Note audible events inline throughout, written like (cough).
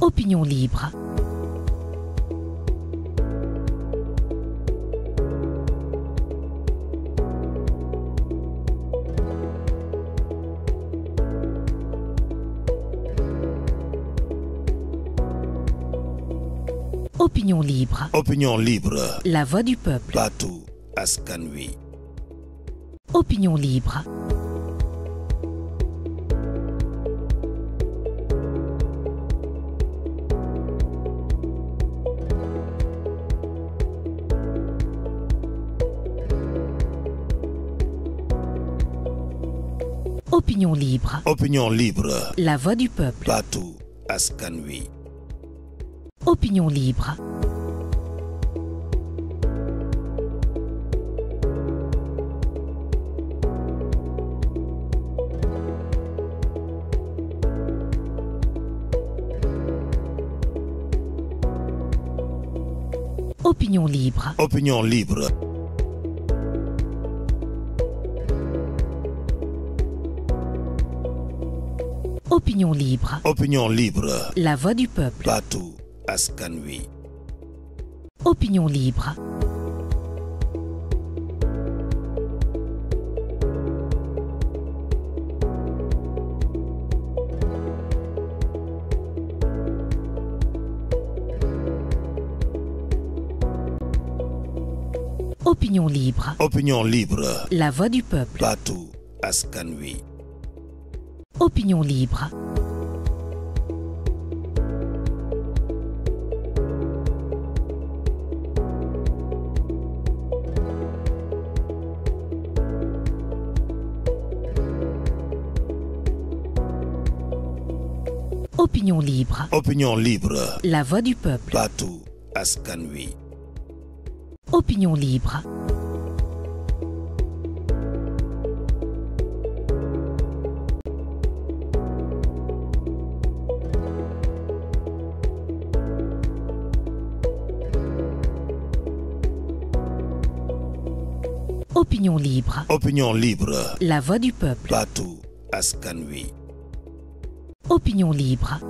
opinion libre Opinion libre. Opinion libre. La voix du peuple. Batou Ascanui. Opinion libre. libre. Opinion libre. La voix du peuple. Batou Askanui. Opinion libre. Opinion libre. Opinion libre. Opinion libre. Opinion libre. La voix du peuple. Batou Askanui. Opinion libre. Opinion libre. Opinion libre. La voix du peuple. Batou Askanui. Opinion libre. Opinion libre. La voix du peuple. Batou Askanui. Opinion libre. Opinion libre. Opinion libre. La voix du peuple. Batou Askanui. Opinion libre.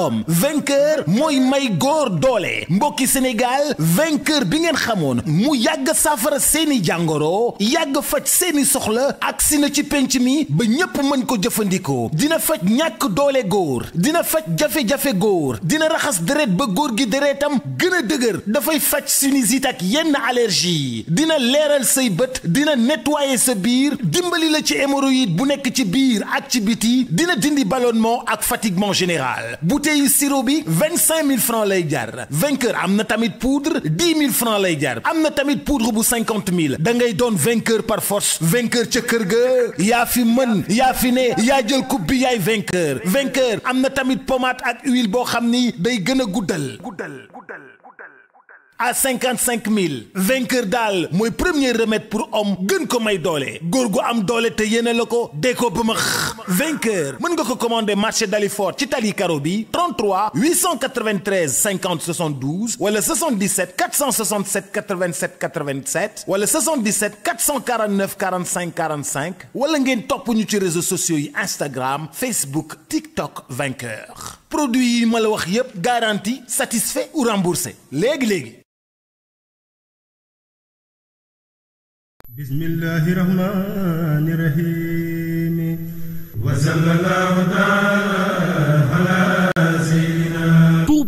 homme vainqueur mooy may góor doole mbokki Sénégal vainqueur bi ngeen xamoon mu yàgg saafara seeni jàngoro yàgg faj seeni soxla agsi na ci penc mi ba ñépp mën ko jëfandikoo dina faj ñàkk doole góor dina faj jafe-jafe góor dina raxas deret ba góor gi deretam gën a dëgër dafay faj sinusite ak yenn allergie dina leeral say bët dina nettoyer sa biir dimbali la ci hémorroïde bu nekk ci biir ak ci biti dina dindi ballonnement ak fatiguement général bouteille sirop bi vingt francs lay jar vainqueur am na tamit poudre 10 000 francs lay jar am na tamit poudre bu 50 000 da ngay doon vainqueur par force vainqueur ca kër yaa fi mën yaa fi ne yaa jël coupe bi yaay vainqueur vainqueur am na tamit pommade ak huile boo xam ni day gën guddal guddal à 55 000 vainqueur dal, mon premier remède pour homme gën ko may doole Gourgo am te yene la ko vainqueur mën nga ko commander marché Dalifort ci Karobi, 33 893 50 72 le 77 467 87 87 le 77 449 45 45 wala ngeen topp ñu ci réseaux sociaux Instagram Facebook TikTok vainqueur produit yi garantie satisfait ou remboursé Leg leg. بسم الله الرحمن الرحيم وزل الله تعالى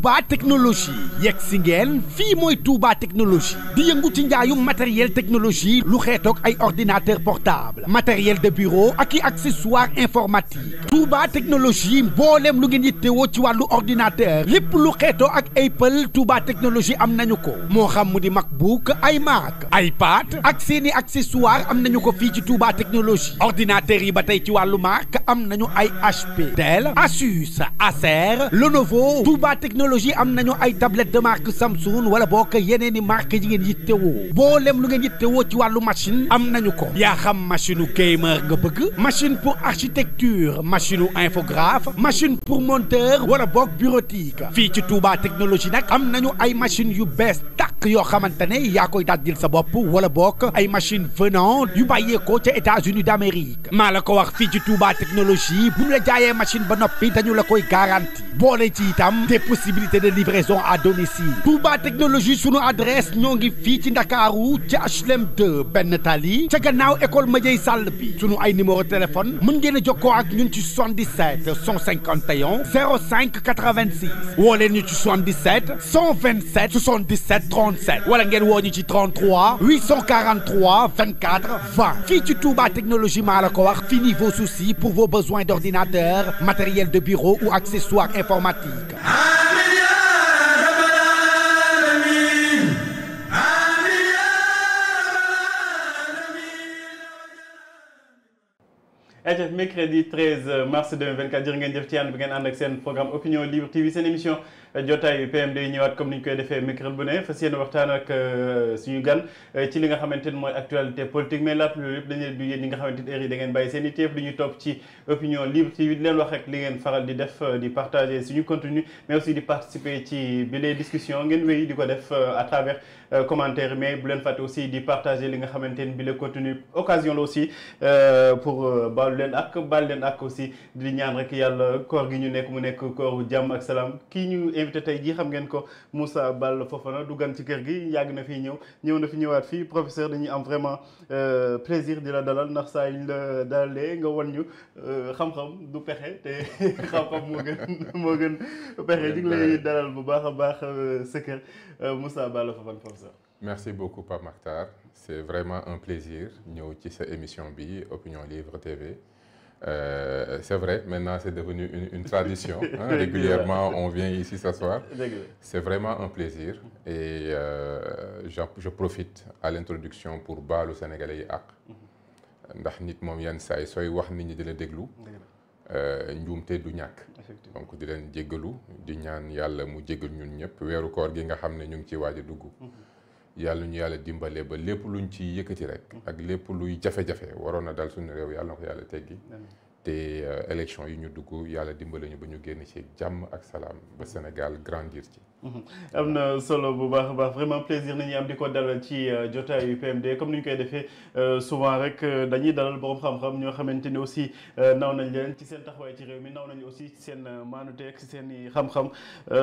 Touba technologie Yexingen, fi moi tuba Touba technologie di yeungu ci matériel technologie lu xétok ay ordinateur portable matériel de bureau ak accessoires accessoire informatique Touba technologie bolem lu ngeen teo ci walu ordinateur Lepp lu ak Apple Touba technologie am nañu ko Mo xam di MacBook iMac iPad ak seeni accessoire am nañu ko fi ci Touba technologie ordinateur yi batay ci walu marque am ay HP Dell Asus Acer Lenovo Touba technologie technologie am nañu ay tablette de marque Samsung wala boo ko marque yi ngeen yittewoo boo lem lu ngeen yittewoo ci walu machine am nañu ko ya xam machine gamer nga bëgg machine pour architecture machine infographe machine pour monteur wala boog bureautique fi ci Touba technologie nak am nañu ay machine yu best tak yo xamantene ya yaa koy dàddil sa bop wala boog ay machine venant yu ko ci États-Unis d'Amérique malako ko wax fi ci Touba technologie bu ñu la jaayee machine ba nopi dañu la koy garanti boole ci itam des possibilités de livraison à domicile Touba technologie nos adresse adresses ngi fii ci Ndakaaru ci HLM 2 Ben Natali, Check école Medei Salbi. bi nos numéros de téléphone mën ngeen a 77 151 05 86 woo 77 127 77 37 Ou alors 33 843 24 20 fii ci Touba technologie maa ko fini vos soucis pour vos besoins d'ordinateur matériel de bureau ou accessoires informatiques mercredi 13 mars 2024 j'ai ngeen jëf ci bi ngeen programme opinion libre tv une émission jotaayu PMD ñëwaat comme niñ koy défé micro bu ne fas waxtaan ak euh, suñu gan euh, ci li nga xamante moy actualité politique mais la loolu yëpp dañ leen di yéen ñi nga xamante ni heure yi da ngeen bàyyi seen i teef di ñu ci opinion libre ci di leen wax rek li ngeen faral di def euh, di partager suñu contenu mais aussi di participer ci bi les discussions ngeen wéy diko def à travers commentaire mais bu leen faté aussi di partager li nga xamante bi le contenu occasion la aussi pour balu leen ak baal leen ak aussi di ñaan rek yalla koor gi ñu nekk mu nekk kooru jàmm ak salam ki ñu invité tay ji xam ngeen ko Moussa Ball Fofana du gan ci kër gi yag na fi ñew ñew na fi ñewat fi professeur dañuy am vraiment euh plaisir di la dalal ndax sa ñu la dalalee nga wan ñu euh, xam-xam du pexé té (laughs) xam-xam mo gën mo gën pexé ñu lay dalal bu baax a baax euh, sa kër euh, Moussa Ball Fofana professeur. merci beaucoup Pape Maktar. c'est vraiment un plaisir ñëw ci sa émission bi Opinion Livre TV. Euh, c'est vrai, maintenant c'est devenu une, une tradition. (laughs) Hein, régulièrement, on vient ici s'asseoir. C'est vraiment un plaisir. Et euh, je profite à l'introduction pour au Sénégalais ak ndax nit moom yenn saa yi sooy wax nit nous di la déglu. Euh, njuumte du ñàkk. donc di leen jéggalu di ñaan yàlla mu nous ñun ñëpp weeru koor gi nga xam ne ñu ngi ciy yàlla ñu yàlla dimbalee ba lépp lu luñ ci yëkkati rek ak lépp luy jafe-jafe waroon na dal suñu réew yàlla na ko yàlla teggi te euh, élection yi ñu dugg yàlla dimbale ñu ba ñu génn ci jàmm ak salaam ba Sénégal grandir ci amna solo bu baax baax vraiment plaisir nañu am diko ko dalal ci euh, jotaayu UPMD comme ni ñu koy defee euh, souvent rek euh, dañuy dalal borom xam-xam ño xamante ni aussi naw nañ leen ci seen taxawaay ci réew mi naw nañu aussi ci seen maanute ak ci seen i xam-xam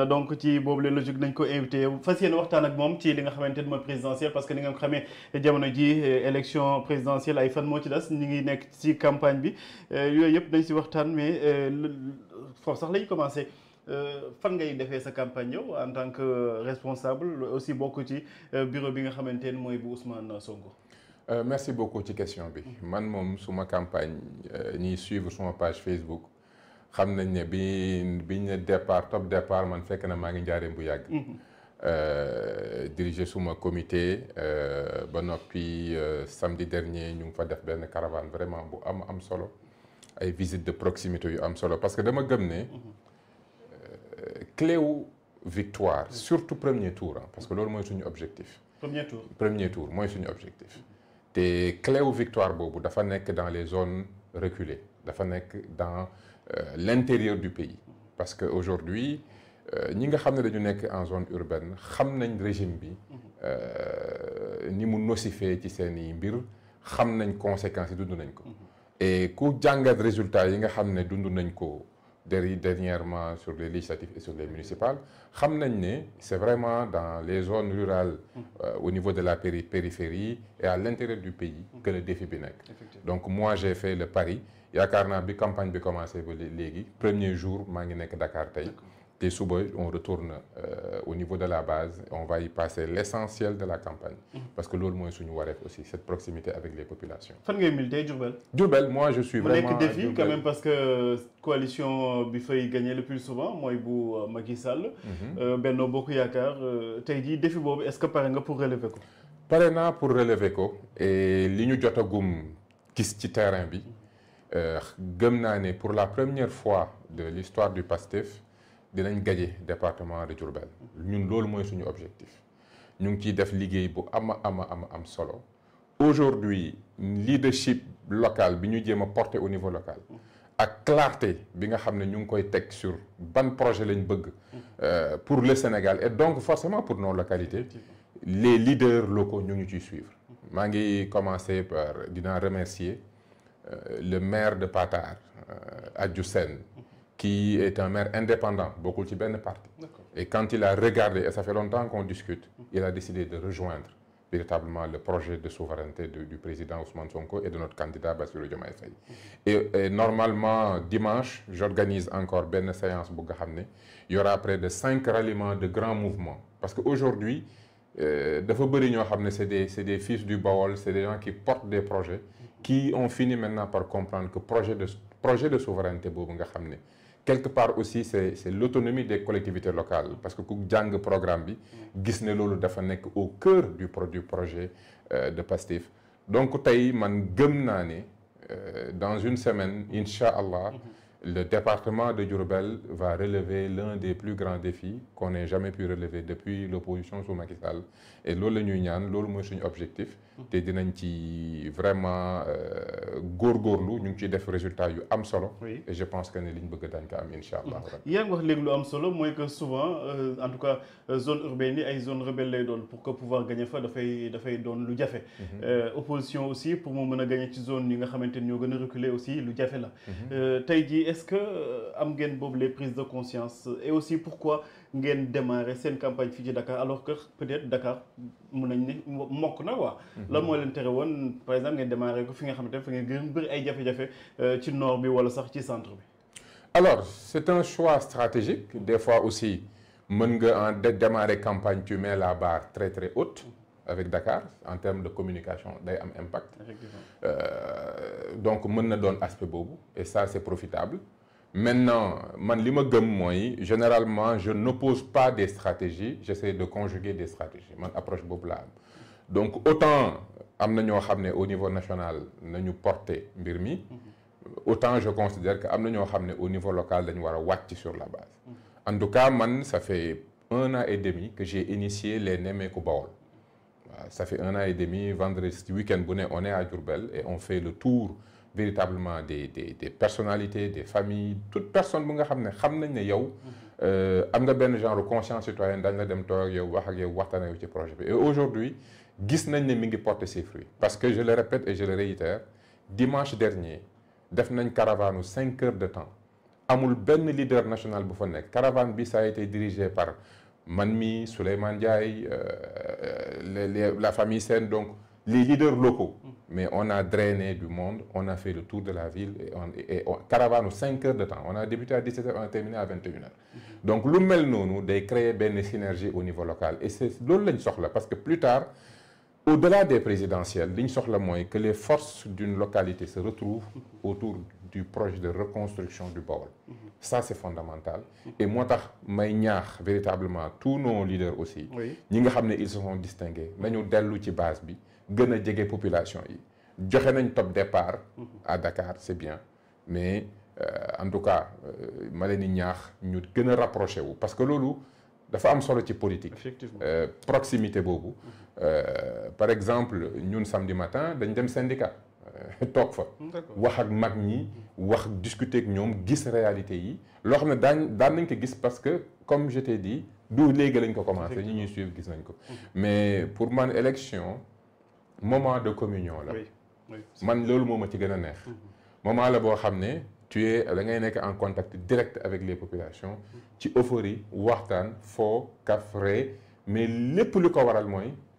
donc ci bobu le logique nañ ko invité fas yéene waxtaan ak mom ci li nga xamante ni présidentiel parce que ni nga xamee jamono ji élection présidentielle ay fan mo ci des ni ngi nekk ci campagne bi yoy yep dañ ci waxtaan mais foofu sax lañu commencer euh, fan ngay défé sa campagne en tant que euh, responsable aussi beaucoup ci euh, bureau bi nga xamantene moy bu Ousmane Sonko. merci beaucoup ci question bi man mom suma campagne ni suivre suma page Facebook xamnañ né bi biñ départ top départ man fekk na ma ngi njaareem bu mhm. euh, diriger suma comité ba noppi samedi dernier ñu fa def ben caravane vraiment bu am am solo ay visite de proximité yu am solo parce que dama gëm clé ou victoire surtout premier tour hein, parce que je un un objectif. premier tour premier tour c'est un objectif. te clé ou victoire c'est dafa dans les zones reculées dafa dans euh, l'intérieur du pays. parce qu'aujourd'hui, aujourd'hui sommes euh, nga en zone urbaine sommes en régime bi euh, ni mu nocifee ci seen mbir conséquences nañ mhm. et quand jàngat résultat des résultats, ne dernièrement sur les législatives et sur les municipales. c'est vraiment dans les zones rurales mmh. euh, au niveau de la périphérie et à l'intérieur du pays mmh. que le défi est. Donc moi j'ai fait le pari Il y a une campagne a commencé les premier jour suis ngi Dakar Dès on retourne euh, au niveau de la base, on va y passer l'essentiel de la campagne. Mhm. Parce que l'autre moins nous aussi, cette proximité avec les populations. Fan ngay Djourbel Djourbel, moi je suis vraiment... Vous défi quand même parce que la euh, coalition euh, Bifay gagnait le plus souvent, moi Ibou Macky Sall, mhm. Benno Boku Yakar, dit défi Bob, est-ce que paré pour relever quoi Paré pour relever quoi Et nous ñu jotagoum gis ci terrain bi, terrain, pour la première fois de l'histoire du PASTEF, gagné le département de Diourbel C'est loolu objectif Nous avons fait def liggéey bu ama ama ama am solo aujourd'hui leadership local bi ñu porté au niveau local a clarté bi nga xam ne sur ban projet euh, pour le Sénégal et donc forcément pour nos localités les leaders locaux nous suivent. suivre Je ngi commencer par remercier euh, le maire de Patar euh, Adjou Sen, qui est un maire indépendant, beaucoup de ben parti. Et quand il a regardé, et ça fait longtemps qu'on discute, mhm. il a décidé de rejoindre véritablement le projet de souveraineté du président Ousmane Sonko et de notre candidat Basile Diomaye Faye. Mhm. Et, normalement, dimanche, j'organise encore une séance Il y aura près de cinq ralliements de grands mouvements. Parce qu'aujourd'hui, euh, c'est des, fils du Baol, c'est des gens qui portent des projets, mhm. qui ont fini maintenant par comprendre que projet de, projet de souveraineté, quelque part aussi c'est l'autonomie des collectivités locales parce que ku jang programme bi gis au cœur du projet euh, de Pastif. donc man gëm euh, dans une semaine mhm. le département de Diourbel va relever l'un des plus grands défis qu'on ait jamais pu relever depuis l'opposition sous Macky et lolu la ñuy ñaan objectif te dinañ ci vraiment euh, góorgóorlu ñu ci def résultat yu am solo. et je pense que né liñ bëgg daañu ko am inshallah allah. Mm. yaa wax léegi lu am solo moy que souvent euh, en tout cas euh, zone urbaine ni ay zone rebelle lay doon pour que pouvoir gagner fa da fay doon lu mm-hmm. euh opposition aussi pour mo mën gagner ci zone yi nga xamante ni ñoo gën reculer aussi lu jafé la. Mm-hmm. tay ji est-ce que am ngeen bobu les prises de conscience et aussi pourquoi ngeen démarrer seen campagne fii ci Dakar alors que peut-être Dakar mun nañ ne mokk na quoi. Mhm. lan moo leen tere woon par exemple ngeen démarrer ko fi nga xamante ne fi ngeen gën bëri ay jafe-jafe euh, ci nord bi wala sax ci centre bi. alors c'est un choix stratégique des fois aussi mën nga en démarrer campagne tu mets la barre très très haute. avec Dakar en termes de communication day am impact. Euh, donc mën na doon aspect boobu et ça c'est profitable. Maintenant, man, généralement, je n'oppose pas des stratégies, j'essaie de conjuguer des stratégies. mon approche Donc, autant, au niveau national, nous porter Birmi, autant je considère au niveau local, nous avons sur la base. En tout cas, ça fait un an et demi que j'ai initié les NEME. Kobaol. Ça fait un an et demi, vendredi, week-end, on est à Durbel et on fait le tour véritablement des des personnalités des familles toute personne qui nga xam ne xam nañ genre mhm. euh, am nga conscience citoyenne dañ la projet et aujourd'hui gis nañ ne mi ngi porter ses fruits. parce que je le répète et je le réitère dimanche dernier def une caravane 5 heures de temps amul ben leader national La caravane bi ça a été dirigée par Manmi, souleyman Souleymane euh, la famille Senn. donc les leaders locaux. Mm. Mais on a drainé du monde, on a fait le tour de la ville et on, et on caravane 5 heures de temps. On a débuté à 17h, on a terminé à 21h. Mm-hmm. Donc, nous, nous de créer une synergie au niveau local. Et c'est là parce que plus tard, au-delà des présidentielles, avons moins que les forces d'une localité se retrouvent mm-hmm. autour du projet de reconstruction du Baol. Mm-hmm. Ça, c'est fondamental. Et moi, je véritablement tous nos leaders aussi. Ils se sont distingués. Nous l'outil base gëna a population yi joxé nañ top départ à Dakar c'est bien mais euh, en tout cas euh, ma leen di ñaax ñu gëna rapproché wu parce que lolu dafa am solo ci politique euh, proximité beaucoup. par exemple ñun samedi matin dañ dem syndicat (laughs) tok fa wax ak mag ñi wax discuter ak ñom gis réalité yi lo xam ne daan nañ ko gis parce que comme je t'ai dit d'où léegi lañ ko commencé ñi ñuy suivre gis nañ ko mhm. mais pour man élection moment de communion oui man moma ci mhm. moment la tu es en contact direct avec les populations. Mhm. ci euphorie waxtaan fo, mais le plus ko waral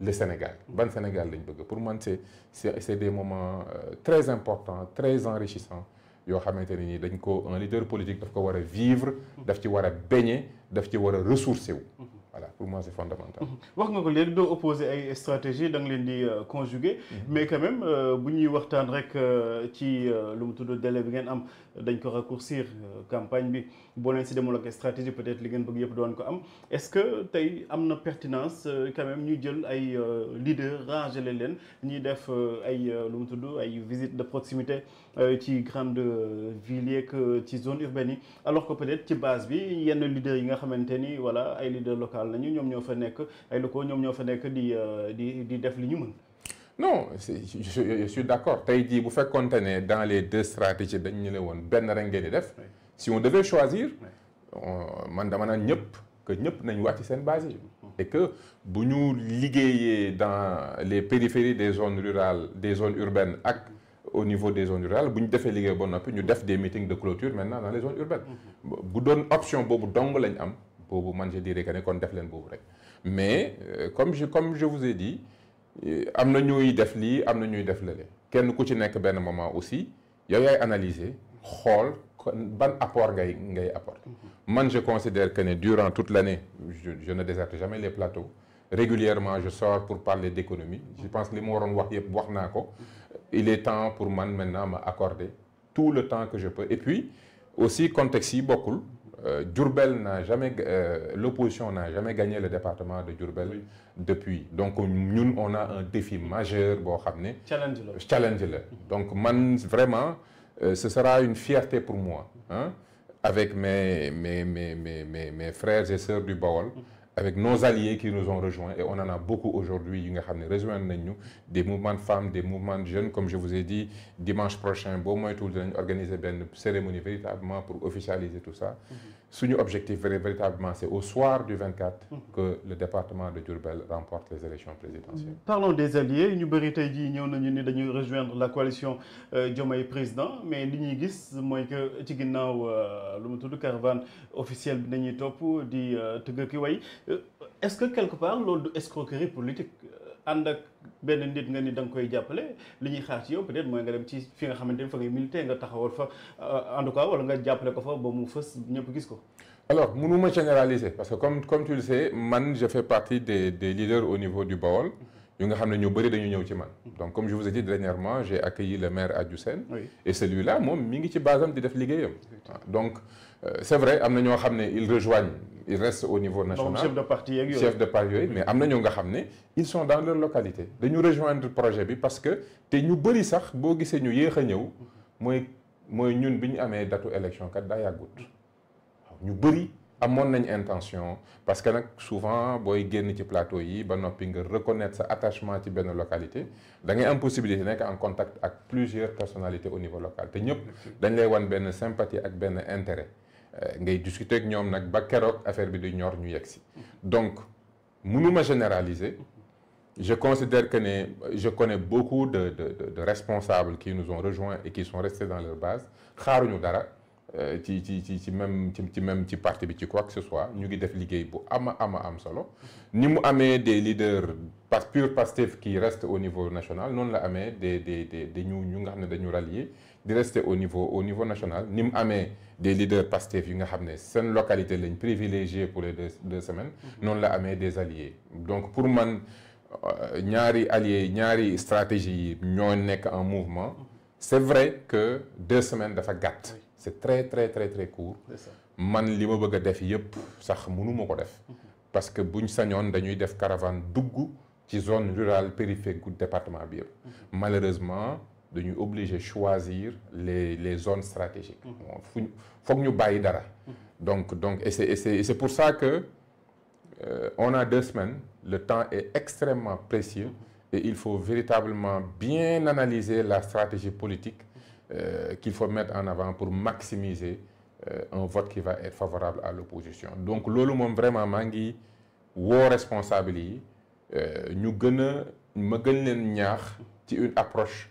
le Sénégal. Mhm. ban Sénégal lañ bëgg pour moi, c'est c'est des moments euh, très importants très enrichissants Yo un leader politique daf vivre. daf baigner ressourcer voilà pour moi c'est fondamental. Mhm. wax nga ko deux opposés opposer ay stratégie da les di euh, mhm. mais quand même si euh, ñuy waxtaan rek euh, ci lu de tudd de bi ngeen am dañ ko raccourcir campagne bi avez leen de demul stratégie peut-être que vous bëgg yëpp doon ko am est-ce que vous avez une pertinence quand même ñu jël ay leaders rangele leen ñuy def ay lu visites de proximité ci grande ville que ci zone urbaine alors que peut-être ci base bi yenn a yi nga xamante maintenu voilà ay leader locaux local lañu ñom ñoo fa ay locaux ñom ñoo fa di euh, di di def li ñu mën. non je, je suis d'accord. tay di bu fekkonte ne dans les deux stratégies ñu le won ben rek ngeen di def. si on devait choisir. man dama na ñëpp que ñëpp nañ wàcc sen base mm-hmm. et que bu ñu liggéeyee dans les périphéries des zones rurales des zones urbaines ak. au niveau des zones rurales bu ñu defee liggéey ba ñu def des meetings de clôture maintenant dans les zones urbaines. Mm-hmm. bu doon option boobu dong lañ am bobu man je dirais que ne kon def len bobu rek mais euh, comme je comme je vous ai dit euh, am na ñuy def li amna ñuy def lële kenn ku ci nek moment aussi yow yaay analyser xol ban apport ngay ngay apporte mhm. man je considère que durant toute l'année je ne déserte jamais les plateaux régulièrement je sors pour parler d'économie je pense que li gens waroon wax yëpp wax il est temps pour man maintenant m'accorder accorder tout le temps que je peux et puis aussi contexte yi bokul euh, n'a jamais, euh, l'opposition n'a jamais gagné le département de Durbel depuis. Donc nous, on a un défi majeur, bon, challenge. challenge. Donc man, vraiment, euh, ce sera une fierté pour moi, hein, avec mes, mes, mes, mes, frères et sœurs du Baol. Mm avec nos alliés qui nous ont rejoints. Et on en a beaucoup aujourd'hui. Des mouvements de femmes, des mouvements de jeunes. Comme je vous ai dit, dimanche prochain, bon, va organiser une cérémonie véritablement pour officialiser tout ça. Mm-hmm. Son objectif véritablement c'est au soir du 24 que le département de Durbel remporte les élections présidentielles. Mm-hmm. Parlons des alliés Nous, avons rejoindre la coalition euh, Diomaye président mais li ñuy que euh, caravane officielle euh, est-ce que quelque part l'ordre escroquerie politique andak ben nit nga ni dang koy jàppale li ñuy xaar ci yow peut-être moy nga dem ci fi nga xamante ni fa ngay milité nga taxawal fa euh, en tout cas wala nga jàppale ko fa ba mu fës ñëpp gis ko. alors mënuma généraliser parce que comme comme tu le sais man je fais partie des des leaders au niveau du Baol. ñu nga xamné ñu bari dañu ñëw ci man. Mm-hmm. donc comme je vous ai dit dernièrement j'ai accueilli le maire Adjoussène. oui et celui-là mom mi ngi ci basam di def liggéeyam. donc. Euh, c'est vrai il y ñoo ils rejoignent ils restent au niveau national Donc chef de parti yeeg chef de parti mais il y ñoo nga ils sont dans leur localité dañu rejoindre projet bi parce que te ñu bëri sax boo gisee ñu yéex a ñëw mooy mooy ñun bi élection kat daa yàggut ñu intention parce que souvent booy génn ci plateau yi ba noppi nga reconnaître sa attachement ci une localité da ngay am possibilité en contact ak plusieurs personnalités au niveau local te nous dañ lay sympathie et un intérêt euh, ngay discuter ak ñom nak ba kérok affaire bi du ñor ñu yegg si donc mënuma généraliser je considère que né, je connais beaucoup de de de responsables qui nous ont rejoints et qui sont restés dans leur base xaaruñu dara euh, ci ci ci même ci même ci parti bi ci quoi que ce soit ñu ngi def liguey bu ama ama am solo ni mu amé des leaders pas pur Pastef qui restent au niveau national non la amé des des des ñu ñu nga xam dañu rallier de rester au niveau au niveau national Nous avons des leaders pasteurs yi nga une une localité privilégiée pour les deux semaines mhm. Nous la des alliés donc pour man euh, ñaari alliés ñaari stratégie nous en mouvement mhm. c'est vrai que deux semaines dafa c'est très très très très court man li je bëgg faire, def yépp sax def mhm. parce que buñ nous dañuy def caravane dugg ci zone rurale périphérique du département malheureusement de nous obliger à choisir les zones stratégiques. Il faut que nous donc donc et c'est pour ça que euh, on a deux semaines le temps est extrêmement précieux mhm. et il faut véritablement bien analyser la stratégie politique euh, qu'il faut mettre en avant pour maximiser euh, un vote qui va être favorable à l'opposition donc lolo mom vraiment mangi ngi responsabilité, euh, nous ñu gën une approche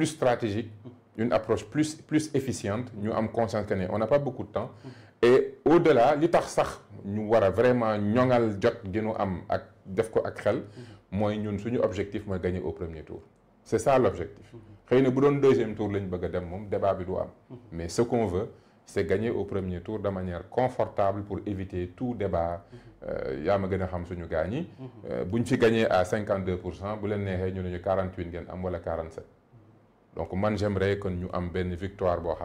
plus stratégique, une approche plus, plus efficiente. Nous sommes conscients qu'on n'a pas beaucoup de temps. Et au-delà, ça nous devons vraiment nous am ak def ko ak xel moy ñun objectif moy gagner au premier tour c'est ça l'objectif xeyna bu doon deuxième tour lañ bëgg dem débat bi mais ce qu'on veut c'est gagner au premier tour de manière confortable pour éviter tout débat euh, yaa ma gën a xam suñu gaañ euh, buñ fi gagné à 52 nous cent bu leen neexee ñu ñu 48 47 donc moi j'aimerais que nous ayons une victoire pour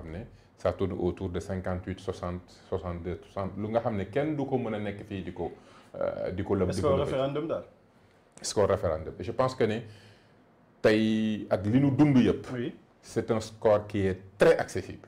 Ça tourne autour de 58, 60, 62, 60. Lunga Hamne, quel du coup mon année fait du coup du coup score référendum là. un référendum? Je pense que c'est un score qui est très accessible.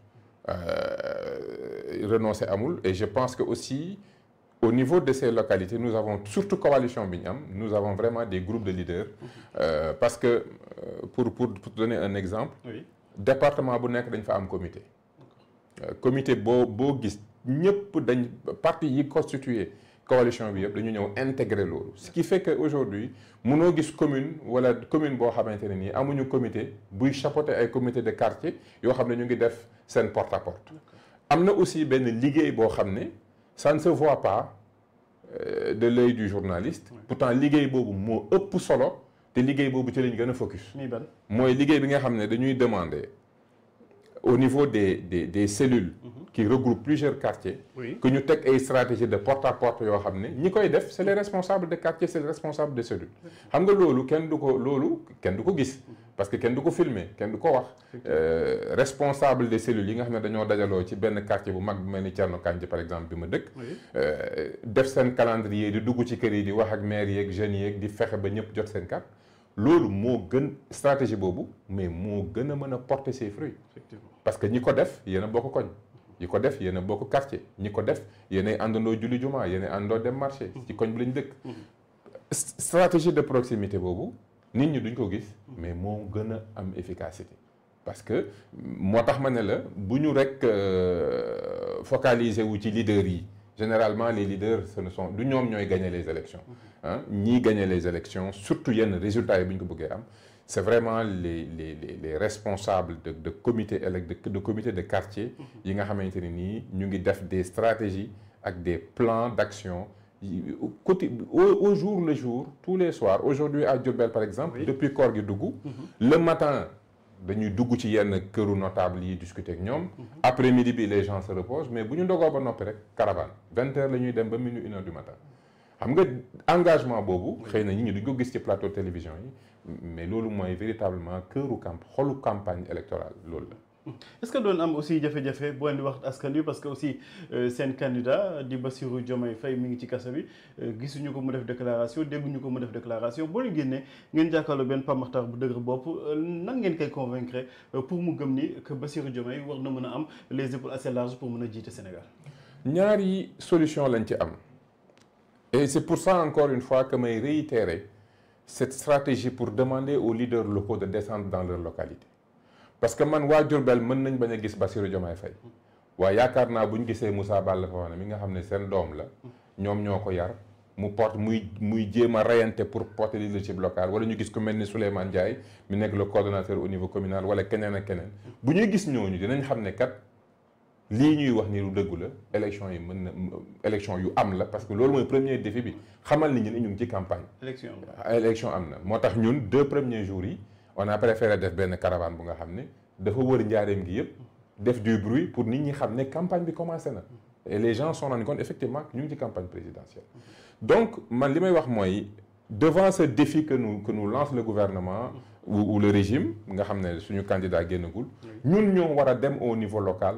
Euh, renoncer à Moul. et je pense que aussi au niveau de ces localités nous avons surtout coalition Binyam, nous avons vraiment des groupes de leaders mhm. euh, parce que euh, pour pour donner un exemple. département bu il dañ fa comité. comité beau beau parti constitué coalition bi yëpp dañu ñëw intégrer loolu ce qui fait que aujourd'hui mënoo gis commune wala commune boo xamante ne nii amuñu comité buy chapeauter ay comité de quartier yoo xam ne ñu ngi def seen porte à porte am na aussi benn liggéey boo xam ne ça ne se voit pas euh, de l'œil du journaliste pourtant liggéey boobu moo ëpp solo te liggéey boobu ci lañ gën a focus mooy liggéey bi nga xam ne dañuy demander au niveau des, cellules qui regroupent plusieurs quartiers, que nous avons une stratégie de porte à porte. C'est les responsables de quartier, c'est les responsables des cellules. parce que filmer, euh, responsable des cellules, quartier par exemple bima euh, calendrier qui dugg ci la maire stratégie mais porter ses fruits. effectivement parce que ñi ko def yéen a bokk koñ ñi ko def yéen a bokk quartier ñi ko def yéen ay àndandoo julli juma yéen ay àndandoo dem marché mm-hmm. ci koñ bi lañ dëkk mm-hmm. stratégie de proximité boobu nit ñi duñ ko gis mm-hmm. mais moo gën a am efficacité parce que moo tax ma ne la bu ñu rek euh, focaliser wu ci leader yi généralement les leaders ce ne sont du ñoom ñooy gagné les élections hein? ñi gagné gagner les élections surtout yenn résultats yi bu ñu ko bëggee am c'est vraiment les les les responsables de de comité de comités de quartier. qui mhm. nga fait des stratégies avec des plans d'action au jour le jour tous les soirs aujourd'hui à Diobel par exemple. depuis koor dougou mhm. le matin nous dugg ci yenn notables notable yi discuter ak mhm. après midi les gens se reposent mais si nous avons ba caravane 20h, la ñuy dem ba une heure du matin xam nga engagement boobu xëy na ñi ñu plateau télévision mais loolu véritablement campagne électorale est-ce que doon am aussi wax parce que aussi euh, candidat di mi ngi ci bi euh, mu def déclaration dégguñu mu def déclaration convaincre euh, pour mu que war na am les épaules assez larges pour a Sénégal. solution lañ ci am. Et c'est pour ça, encore une fois, que je réitéré cette stratégie pour demander aux leaders locaux de descendre dans leur localité. Parce que man, waa Diourbel mën nañ baña gis Bassirou Diomaye Faye Wa yaakaar buñu bu Moussa gisee fa Balla mi nga xamné sen dom la ñom ñoko yar mu porte muy muy jéem rayanté pour porter leadership local wala ñu gis ku melni ni Souleymane Ndiaye mi nek le coordinateur au niveau communal wala keneen ak keneen buñu ñuy gis ñooñu dinañ xamné kat li ñuy wax ni lu dëggu la élection yi mën na élection yu am la parce que loolu mooy premier défi bi xamal nit ñi ne ñu ngi ci campagne. élection am ah, élection am na moo tax ñun deux premiers jours yi on a préféré def benn caravane bu nga xam ne dafa wër njaareem gi yëpp def du bruit pour nit ñi xam ne campagne bi commencé na. et les gens sont rendus compte effectivement ñu ngi ci campagne présidentielle. donc man li may wax mooy devant ce défi que nous que nous lance le gouvernement. ou le régime nga xam ne suñu candidat génnagul. ñun ñoo war a dem au niveau local.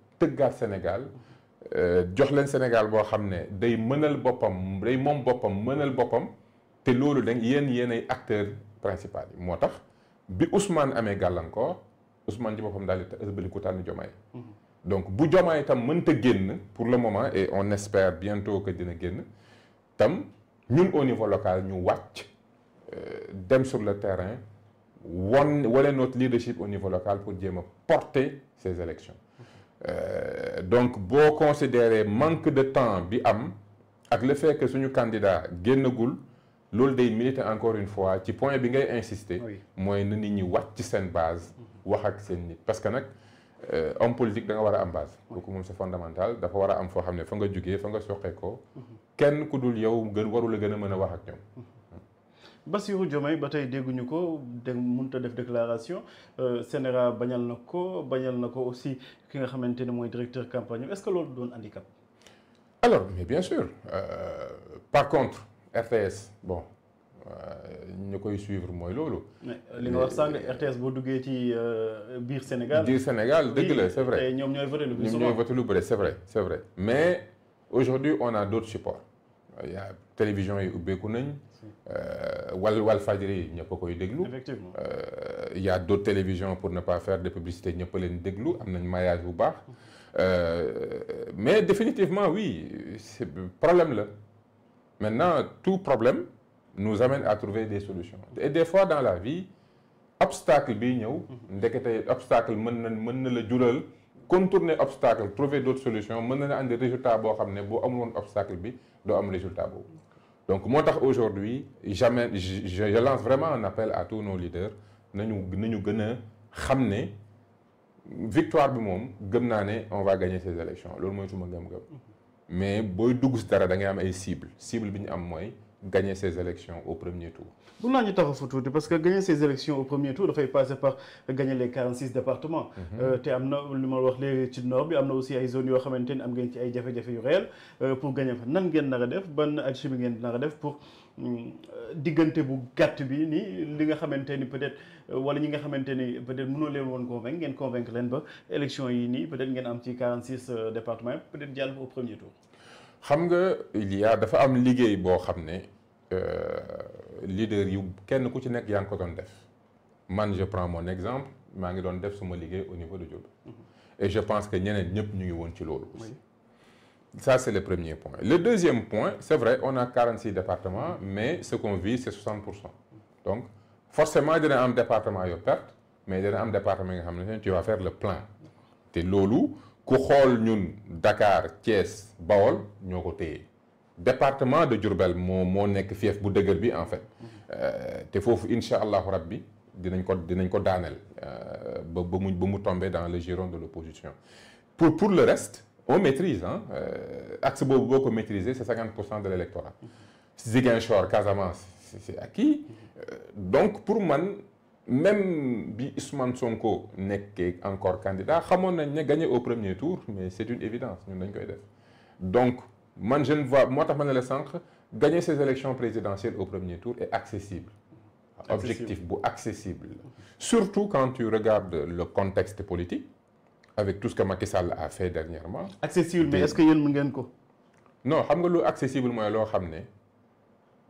tëggaat Sénégal euh, jox leen Sénégal boo xam ne day mënal boppam day moom boppam mënal boppam te loolu da yéen yéen ay acteur principal yi moo tax bi Ousmane amee gàllankoor Ousmane ci boppam daal di ësbali ku tànn donc bu Diomaye tam mënta génn pour le moment et on espère bientôt que dina génn tam ñun au niveau local ñu wàcc euh, dem sur le terrain won wala notre leadership au niveau local pour jéem a porter ces élections euh, donc beau considérer manque de temps bi am le fait que ce candidat génnagul l'ol day militants encore une fois ci point bi ngay insister. moy nous n'y base. wax parce que euh, homme politique da nga wara base. c'est fondamental Il fa a am fo xamné fa nga juggé, fa nga soxé ko. Mhm. kenn ku a Bassirou Diomaye ba tey dégguñu ko dégg mënut def déclaration euh Sénégal bagnal nako bagnal nako aussi ki nga xamanténi moy directeur campagne est-ce que lolu doon handicap. alors mais bien sûr euh, par contre RTS bon. Euh, ñukoy koy suivre moy lolu euh, li nga wax sang RTS bo duggé ci euh, BIR Sénégal. BIR Sénégal deug la c'est vrai ñom ñoy voter lu BIR Sénégal. ñooy voté lu bir c'est vrai c'est vrai mais aujourd'hui on a d'autres supports il y a télévision et ubbeeku nañ. Euh, wal a il euh, y a d'autres télévisions pour ne pas faire de publicité n'y a leen déglu am un maillage bu baax euh, mais définitivement oui c'est problème là maintenant tout problème nous amène à trouver des solutions et des fois dans la vie obstacle obstacles ñëw. Mhm. ndekete obstacle mène contourner obstacle trouver d'autres solutions des résultats, la des résultat résultats. sont ne obstacle résultat donc, moi, aujourd'hui, je, lance vraiment un appel à tous nos leaders. Nous, nous, nous, victoire on va gagner ces élections ce que je gëm-gëm mhm. mais si dara da ngay cible cible gagner ces élections au premier tour. Nous pas de tout parce que gagner ces élections au premier tour, il faut passer par gagner les 46 départements. Mhm. Euh, tu le nord, il y a aussi des zones il y a des réelles pour gagner. Nan gen naradef, ban alchimie gen naradef pour mm, diggante bu gatt bi ni li nga xamante peut-être euh, wala ñi nga xamante peut-être mëno leen woon convaincre ngeen convaincre leen ba élection yi ni peut-être ngeen am ci 46 euh, départements peut-être jàll au premier tour xam nga il y a dafa am liggéey boo xam ne euh, leader yu kenn ku ci nekk yaa ngi def man je prends mon exemple maa ngi doon def suma au niveau de job. et je pense que ñeneen ñëpp ñu ngi woon ci loolu ça c'est le premier point le deuxième point c'est vrai on a 46 départements mais ce qu'on vit c'est 60 pour cent donc forcément dina am département yoo perte mais dina am département yi nga xam ne tu vas faire le plein te loolu ku nyun Dakar Thiès Bawol ñoo département de Djourbel, moo moo nekk fief bu bi en fait mhm. euh, te foofu insha allahu rabbi dinañ ko dinañ ko euh, ba dans le giron de l'opposition pour pour le reste on maîtrise ah axe on maîtrise, maîtriser c'est 50% de l'électorat mhm. Ziguinchor Casamance c'est acquis mhm. donc pour moi même bi Ousmane Sonko encore candidat xamoon n'a gagné au premier tour mais c'est une évidence donc man je ne vois gagner ces élections présidentielles au premier tour est accessible objectif accessible surtout quand tu regardes le contexte politique avec tout ce que Macky Sall a fait dernièrement accessible mais est-ce que yéen mën non xam accessible moi loo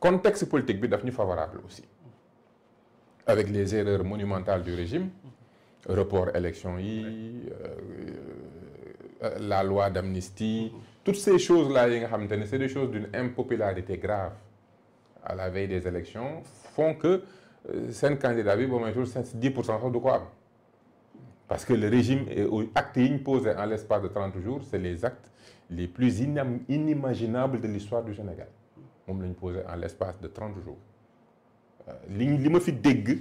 contexte politique est favorable aussi avec les erreurs monumentales du régime report élection euh, euh, la loi d'amnistie toutes ces choses là c'est des choses d'une impopularité grave à la veille des élections font que ce euh, candidat bi ba may dix parce que le régime est actes imposés en l'espace de 30 jours c'est les actes les plus inimaginables de l'histoire du Sénégal me la posé en l'espace de 30 jours euh, li li ma fi dégg.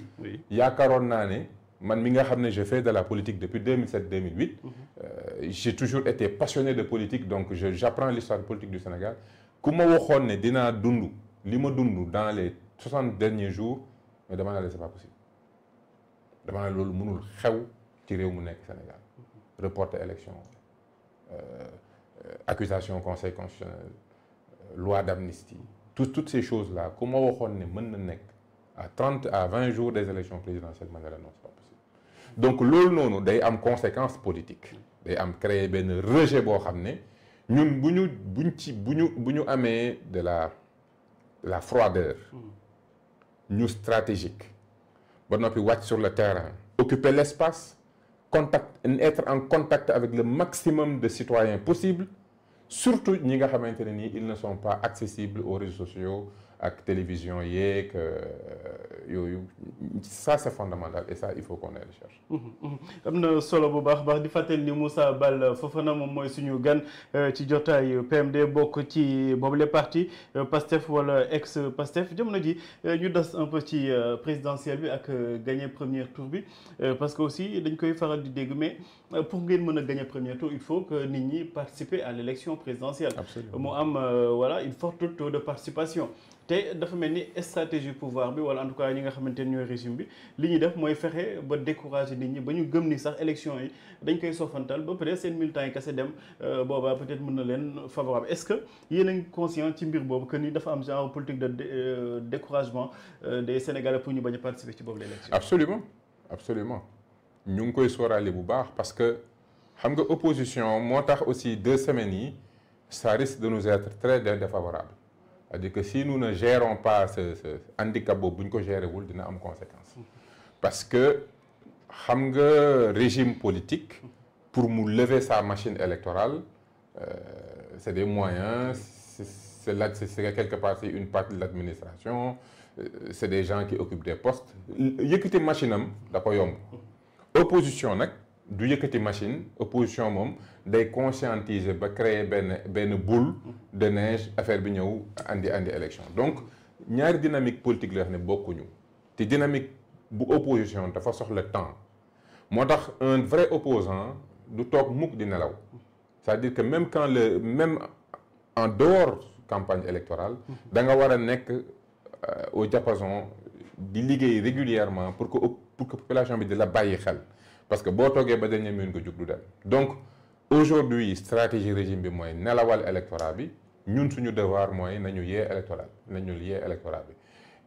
yaakaaroon naa ne man mi j'ai de la politique depuis 2007 2008. Mhm. Euh, j'ai toujours été passionné de politique donc j'apprends l'histoire politique du Sénégal ku ma waxoon ne dinaa dund dans les 60 derniers jours mais dama naa pas possible dama naa loolu mënul xew ci réew mu nekk Sénégal mhm. reporter élection euh, accusation conseil constitutionnel loi d'amnistie toutes ces choses-là comment on peut ne à 30 à 20 jours des élections présidentielles Non, ce n'est pas possible donc nous, noonu day am conséquence politique day am créer un rejet pour nous ne ñun buñ ci de la la froideur ñu stratégique ba pu être sur le terrain occuper l'espace être en contact avec le maximum de citoyens possible surtout ñi nga ils ne sont pas accessibles aux réseaux sociaux ak télévision euh, ça c'est fondamental et ça il faut qu'on le recherche. Mmh, mmh. solo bu baax di ni euh, PMD euh, PASTEF ex PASTEF ji ñu un peu ci premier tour parce que aussi dañ koy faral euh, pour gagner le premier tour il faut que Nini participe à l'élection présidentielle Il am euh, voilà une forte taux de participation te dafa mel stratégie pouvoir bi en tout cas ñi nga xamante le régime bi li ñuy def décourager Nini, ñi nous ñu gëm ni élection yi dañ koy soofantal ba peut-être militants ans, euh, peut-être mën na favorable est-ce que vous êtes conscient Timbir, que ni dafa am genre politique de euh, découragement des Sénégalais pour ñu participer à l'élection absolument absolument nous ne koy pas bu baax parce que xam opposition moo aussi deux semaines ça risque de nous être très défavorable c'est-à-dire que si nous ne gérons pas ce handicap boobu ne ko gérer conséquence parce que xam régime politique pour nous lever sa machine électorale euh, c'est des moyens c'est quelque part une partie de l'administration euh, c'est des gens qui occupent des postes une machine a da ko opposition nak du yëkëti machine opposition mom day conscientiser ba créer une boule de neige affaire bi ñëw andi andi élection donc ñaar dynamique politique la ne bokkuñu une dynamique bu opposition dafa le temps moi un vrai opposant du tok mouk di nelaw c'est-à-dire que même quand le même en dehors campagne électorale da nga wara a euh, au diapason di régulièrement pour que pour que population bi de la bàyyi parce que boo toogee ba dernière minute nga jug du donc aujourd'hui stratégie régime est de faire électorat bi ñun suñu devoir devons nañu yee électoral nañu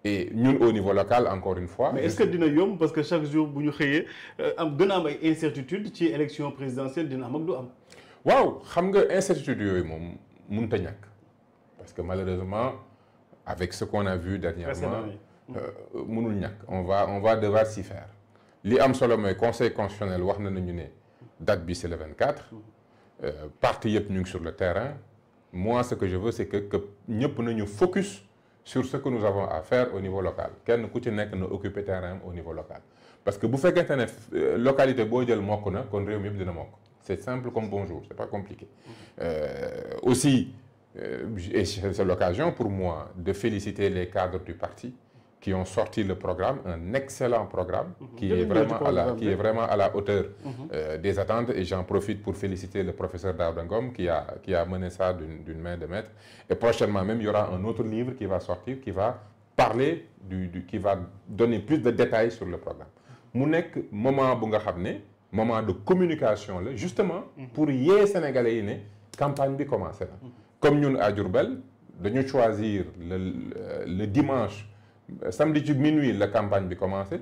et nous, au niveau local encore une fois. mais est-ce que dina yom parce que chaque jour vous avez xëyee euh, am incertitude ci élection présidentielle dina am ak du am. parce que malheureusement avec ce qu'on a vu dernièrement. Euh, on va on va devoir s'y faire li am conseil constitutionnel wax na date bi c'est le 24 mm-hmm. euh, parti sur le terrain moi ce que je veux c'est que que ñëpp nañu focus sur ce que nous avons à faire au niveau local kenn ku ci nekk na occuper terrain au niveau local parce que bu faites ne euh, localité bo jël na kon réew mi dina c'est simple comme bonjour c'est pas compliqué mm-hmm. aussi c'est l'occasion pour moi de féliciter les cadres du parti qui ont sorti le programme, un excellent programme mhm. qui, est vraiment, à la, qui est vraiment à la hauteur mhm. euh, des attentes. Et j'en profite pour féliciter le professeur Dardangom qui a, qui a mené ça d'une main de maître. Et prochainement même, il y aura un autre livre qui va sortir qui va parler, du, qui va donner plus de détails sur le programme. Mounek, moment bu moment de communication justement mhm. pour les sénégalais yi campagne commencé comme nous à Durbel, nous choisir le le dimanche samedi ci minuit la campagne bi commencé.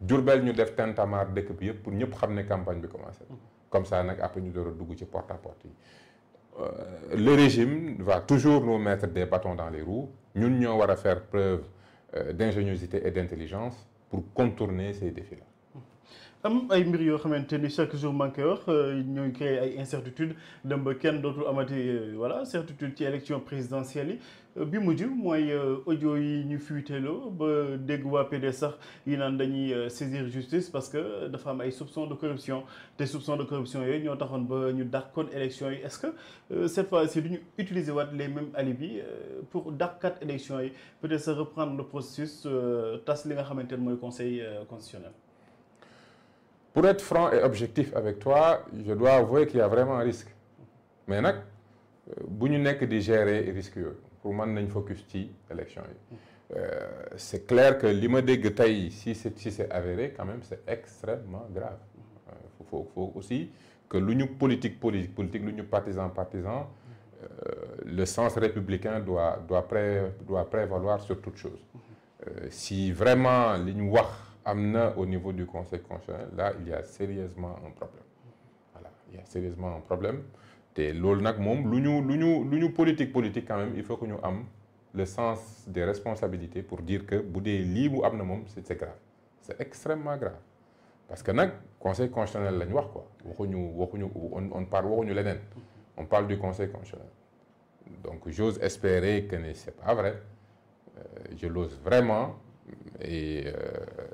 Diourbel ñu def tentamar dëkk bi pour ñëpp xamné la campagne bi commencé. Mhm. comme ça nak après ñu door dugg ci porte à porte euh, le régime va toujours nous mettre des bâtons dans les roues ñun ñoo wara faire preuve euh, d'ingéniosité et d'intelligence pour contourner ces défis là. am ay mbir yo xamante chaque jour manké Ils wax euh, ñoy créer ay incertitudes dem ba kenn amati voilà certitude ci élection présidentielle bi mujj moy euh, audio yi ñu de ba dégg wa PDS sax yi nan dañuy euh, saisir justice parce que dafa am des soupçons de corruption des soupçons de corruption yooyu ñoo taxone ba ñu dàqoon élection yi est-ce que euh, cette fois-ci nous ñu utiliser les mêmes alibis pour dakkat élection yi peut-être reprendre le processus tas li nga xamantene conseil constitutionnel. Pour être franc et objectif avec toi je dois avouer qu'il y a vraiment un risque mais nag bu ñu des di gérer risque risqué pour moi, nañ focus ci élection Euh, l'élection. clair que li que dégg si c'est avéré quand même c'est extrêmement grave euh, faut faut aussi que l'union politique politique politique l'union partisan, partisan euh, le sens républicain doit doit pré doit prévaloir sur toute chose euh, si vraiment l'union wax au niveau du conseil constitutionnel là il y a sérieusement un problème voilà il y a sérieusement un problème et politique politique quand même il faut que nous ayons le sens des responsabilités pour dire que si dee libre bu c'est grave C'est extrêmement grave parce que un conseil constitutionnel on parle on parle du conseil constitutionnel donc j'ose espérer que ce n'est pas vrai euh, je l'ose vraiment et, euh,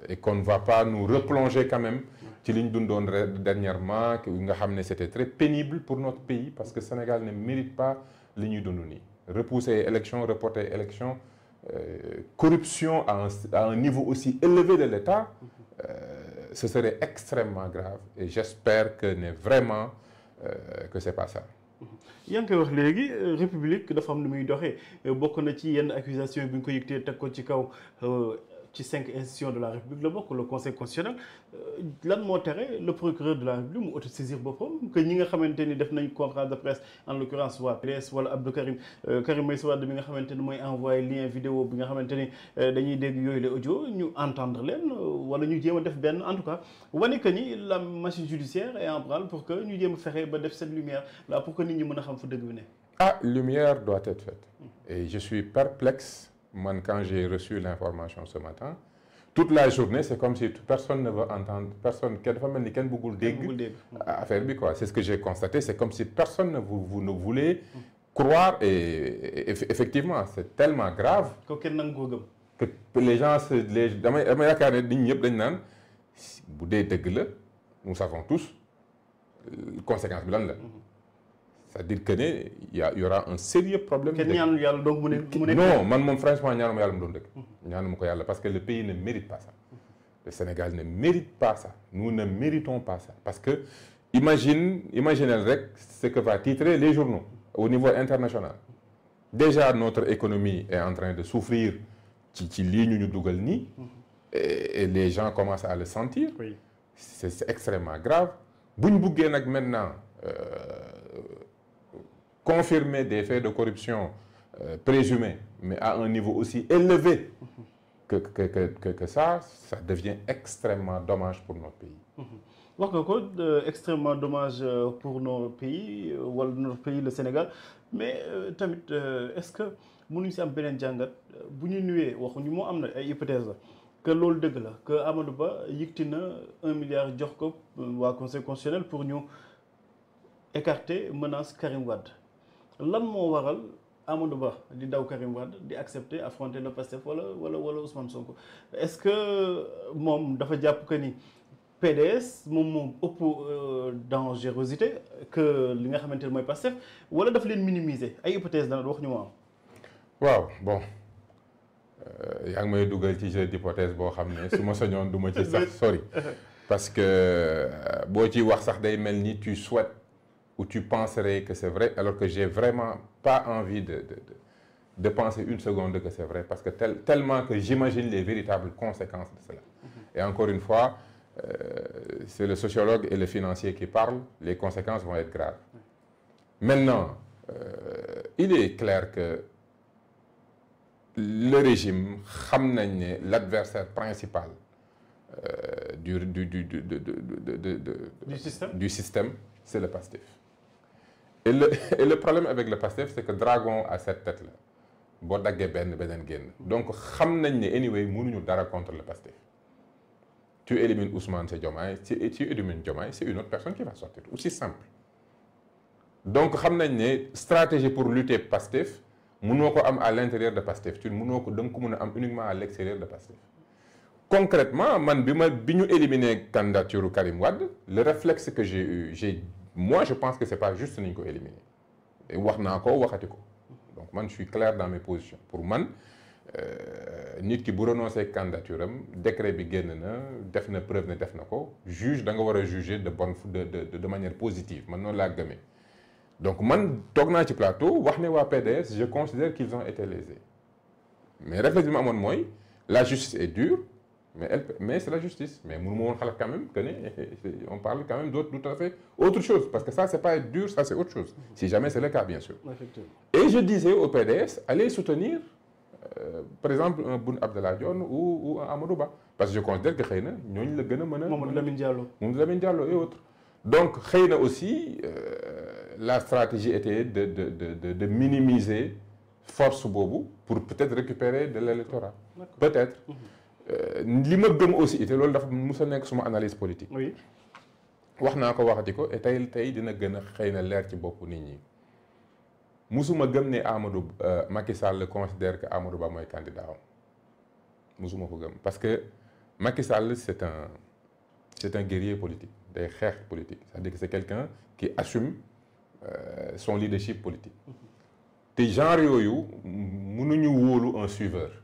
et qu'on ne va pas nous replonger quand même ci liñ dernièrement nga c'était très pénible pour notre pays parce que Sénégal ne mérite pas les repousser élection reporter élection euh, corruption à un, niveau aussi élevé de l'État euh, ce serait extrêmement grave et j'espère que n'est vraiment euh, que c'est pas ça Il y wax république dafa am accusation qui ko ci cinq institutions de la république la le conseil constitutionnel euh, lan moo le procureur de la république mu saisir boppam que ñi nga xamante def nañ conférence de presse en l'occurrence soit PS wala Abdou Karim euh, Karim Meïssa Wade bi nga xamante moy envoyé lien vidéo bi nga xamante euh, dañuy dégg yoy les audio ñu entendre len wala ñu jéem def ben en tout cas wani que ni la machine judiciaire est en branle pour que ñu jéem fexé ba def cette lumière là pour que nit ñi mëna xam fu dëgg bi né ah lumière doit être faite et je suis perplexe quand j'ai reçu l'information ce matin, toute la journée, c'est comme si personne ne veut entendre, personne, C'est ce que j'ai constaté, c'est comme si personne ne, vous, ne voulait croire et, effectivement, c'est tellement grave que les gens, les, nous savons tous, les euh, conséquences c'est-à-dire que il y aura un sérieux problème. non man franchement je mhm. ne parce que le pays ne mérite pas ça. le Sénégal ne mérite pas ça nous ne méritons pas ça parce que imagine imaginez ce que va titrer les journaux au niveau international. déjà notre économie est en train de souffrir mhm. et les gens commencent à le sentir. c'est extrêmement grave Si maintenant. Euh, confirmer des faits de corruption euh, présumés, mais à un niveau aussi élevé que, que, que, ça, ça devient extrêmement dommage pour notre pays. Mm-hmm. Euh, extrêmement dommage euh, pour notre pays notre pays le Sénégal mais tamit est-ce que mënuñu si am si nous avons ñu hypothèse que l'OLDEGLA, que Amadou Ba un milliard jox ko conseil constitutionnel pour nous écarter menace Karim Wade lan moo waral Amadou Ba di daw Karim Wade di accepter affronter le Pastef wala wala wala Ousmane Sonko est-ce que euh, moom dafa jàpp que ni PDS moom moo ëpp euh, dangerosité que li nga xamante ne mooy Pastef wala daf leen minimiser ay hypothèses dana wax ñu ma am. waaw bon euh, yaa ngi may dugal ci jeu hypothèse boo xam ne su ma sañoon du ma ci sax (laughs) sori parce que boo ci wax sax day mel ni tu souhaites où tu penserais que c'est vrai, alors que j'ai vraiment pas envie de, penser une seconde que c'est vrai, parce que tellement que j'imagine les véritables conséquences de cela. Mhm. Et encore une fois, euh, c'est le sociologue et le financier qui parlent, les conséquences vont être graves. Maintenant, euh, il est clair que le régime, l'adversaire principal du, système, système c'est le pastif. (laughs) et le problème avec le Pastef c'est que dragon a cette tête là boo daggee benn beneen donc xam anyway, ne anyway dara contre le Pastef tu élimines Ousmane c'est Diomaye et tu élimines Diomaye c'est une autre personne qui va sortir aussi simple donc xam que la stratégie pour lutter Pastef mënoo am à l'intérieur de Pastef tu ne peux da am uniquement à l'extérieur de Pastef concrètement man on a éliminé éliminer candidature Karim Wade le réflexe que j'ai eu j'ai moi je pense que c'est pas juste nañ ko éliminer Et naa ko waxati ko donc moi, je suis clair dans mes positions pour man euh, nit ki bu renoncer candidature le décret bi génn na def na preuve ne def na le juge da nga juger de bonne de de de manière positive Maintenant, la laa donc man toog ci plateau wax ne PDS je considère qu'ils ont été lésés mais réfléchissez-moi, la justice est dure mais, mais c'est la justice. Mais quand même, on parle quand même d'autre fait autre chose. Parce que ça, c'est pas être dur, ça, c'est autre chose. Si jamais c'est le cas, bien sûr. Et je disais au PDS, allez soutenir, euh, par exemple, un Boun Abdallah ou, ou un Amadouba. Parce que je considère que Khayna, nous le gagnons maintenant. Diallo et autres. Donc, Khayna aussi, euh, la stratégie était de, de, de, de minimiser force Bobo pour peut-être récupérer de l'électorat. Peut-être. Mhm. Euh, li aussi c'est que dafa veux analyse politique. oui et dina Macky considère que Amadou Ba candidat parce que Macky Sall un un guerrier politique des politique c'est-à-dire que c'est quelqu'un qui assume euh, son leadership politique mm-hmm. té genre que ñu wolu un suiveur.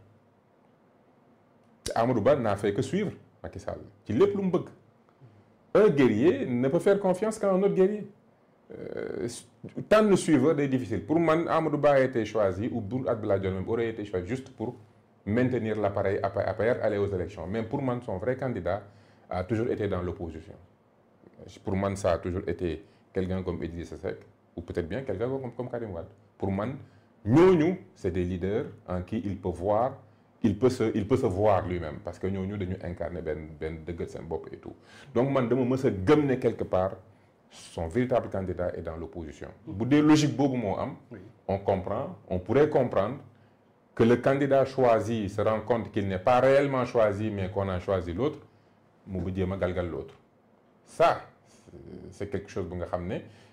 Amadou Ba n'a fait que suivre Macky Sall est le lu un guerrier ne peut faire confiance qu'à un autre guerrier euh, tant de suivre est difficile pour moi Amadou Ba a été choisi ou Boulad Abdallah aurait été choisi juste pour maintenir l'appareil APR aller aux élections mais pour moi son vrai candidat a toujours été dans l'opposition pour moi ça a toujours été quelqu'un comme Edith Seck ou peut-être bien quelqu'un comme, comme Karim Wade pour nous, nous, c'est des leaders en qui il peut voir il peut se il peut se voir lui-même parce que nous, dañu incarner Ben, Ben de et tout donc man dama mës a gëm quelque part son véritable candidat est dans l'opposition bu logique boobu moo on comprend on pourrait comprendre que le candidat choisi se rend compte qu'il n'est pas réellement choisi mais qu'on a choisi l'autre mu bu galgal l'autre ça c'est quelque chose que nga savez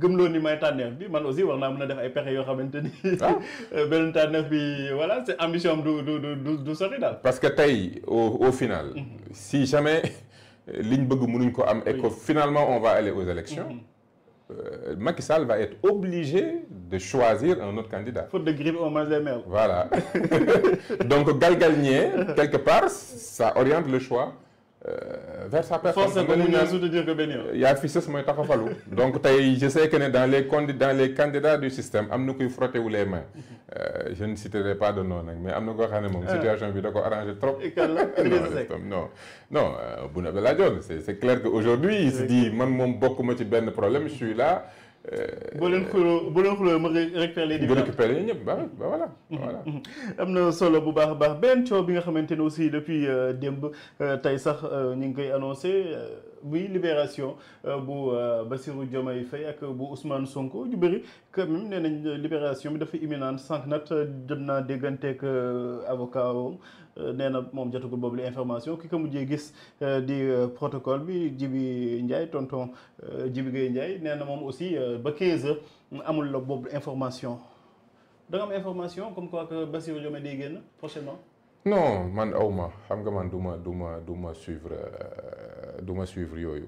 gëmloo ni may tànneef bi man aussi war naa a def ay pexe yo xamanteni ben ah. (laughs) beneen bi voilà c'est ambition de du du du du sori parce que tay au final. Mhm. si jamais (laughs) liñ bëgg mënuñ ko am. et que finalement on va aller aux élections mhm. Euh, Macky Sall va être obligé de choisir un autre candidat. Faute de grippe, au des les Voilà. (laughs) Donc, Galgalnier, quelque part, ça oriente le choix euh, vers sa personne force de dire que benn hein. il yaa fi sës mooy donc tey je sais que dans les candidats, dans les candidats du système am na ou frotté les mains euh, je ne citerai pas de nom mais am na koo xam ne ah. situation bi dako arranger trop (laughs) non non euh, Boun Abdallah c'est c'est clair que aujourd'hui il se dit man mom bokuma ci ben problème je suis là euh, boo leen xuloo boo leen xuloo ma récupérer les récupérer yi ñëpp ba bah, voilà mhm, voilà mhm. am na solo bu baax a baax benn coow bi nga xamante ne aussi depuis euh, démb euh, tey sax ñu ngi koy annoncé buy libération bu Basirou Diomaye Faye ak bu Ousmane Sonko ñu bëri quand même nee nañ libération bi dafa imminente sànq nag jot naa dégganteeg avocat euh, nena mom information ki ko mujjee gis euh, di euh, protocole bi Jibi Ndiaye tonton Jibi des informations nena mom aussi ba 15 amul lo bobu information da nga am information comme quoi que Bassirou Diomaye day guen prochainement. non man awma xam nga man douma ma douma suivre suivre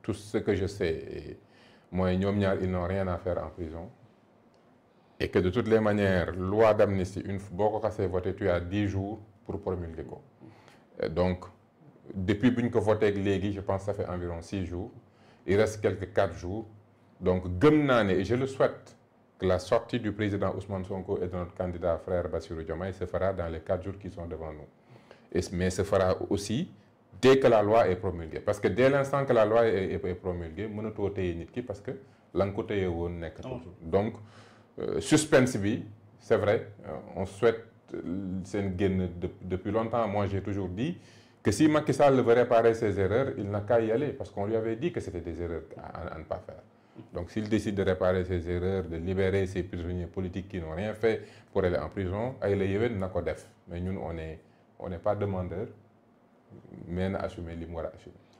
tout ce que je sais Moi, ñom ñaar ils n'ont rien à faire en prison et que de toutes les manières loi d'amnistie une fois ko voté tu as 10 jours pour promulguer donc depuis que ko voté avec je pense ça fait environ six jours il reste quelques quatre jours donc je le souhaite que la sortie du président Ousmane Sonko et de notre candidat frère Bassirou Diomaye se fera dans les quatre jours qui sont devant nous et mais se fera aussi dès que la loi est promulguée parce que dès l'instant que la loi est, est, promulguée mënatoo téye nit parce que l'encontre est ko donc euh, suspense c'est vrai euh, on souhaite depuis longtemps moi j'ai toujours dit que si Macky Sall veut réparer ses erreurs il n'a qu'à y aller parce qu'on lui avait dit que c'était des erreurs à, ne pas faire donc s'il décide de réparer ses erreurs de libérer ses prisonniers politiques qui n'ont rien fait pour aller en prison il y a na mais nous, on n'est pas demandeur mais on a assumé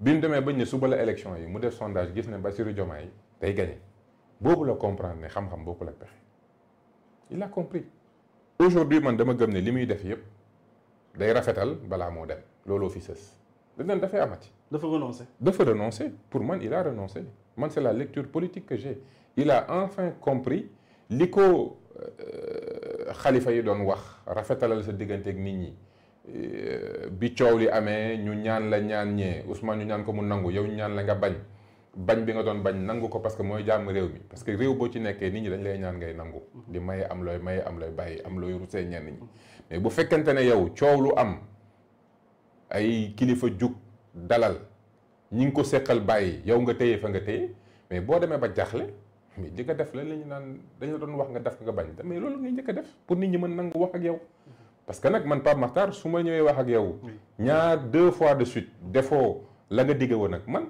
bi mu demee bañ ne suba la élection yi mu def sondage gis ne Bassirou Diomaye day gagné boobu la comprendre ne xam-xam bokkul la pexe il a compris aujourd'hui man dama gëm ne li muy def yëpp day rafetal balaa moo dem looloo fi sës dañ dafay amati. dafa renoncer dafa renoncer pour man il a renoncé man c'est la lecture politique que j'ai il a enfin compris li ko euh, xalifa yi doon wax rafetalal sa digganteeg nit ñi. Eh, bi coow li amee ñu ñaan la ñaan ñee Ousmane ñu ñaan ko mu nangu yow ñu ñaan la nga bañ bañ bi nga doon bañ nangu ko parce que mooy jàmm réew mi parce que réew boo ci nekkee nit ñi dañ lay ñaan ngay nangu di maye am looy maye am looy bàyyi am looy rusee ñenn ñi mais bu fekkente ne yow coow lu am ay kilifa jug dalal ñi ngi ko seqal bàyyi yow nga téye fa nga téye mais boo demee ba jaaxle mais def la la ñu naan dañ doon wax nga def nga bañ mais loolu ngay njëkk def pour nit ñi mën nangu wax ak yow parce que nag man Pape Makhtar su ma ñëwee wax ak yow. ñaar deux fois de suite defoo la nga digge woon ak man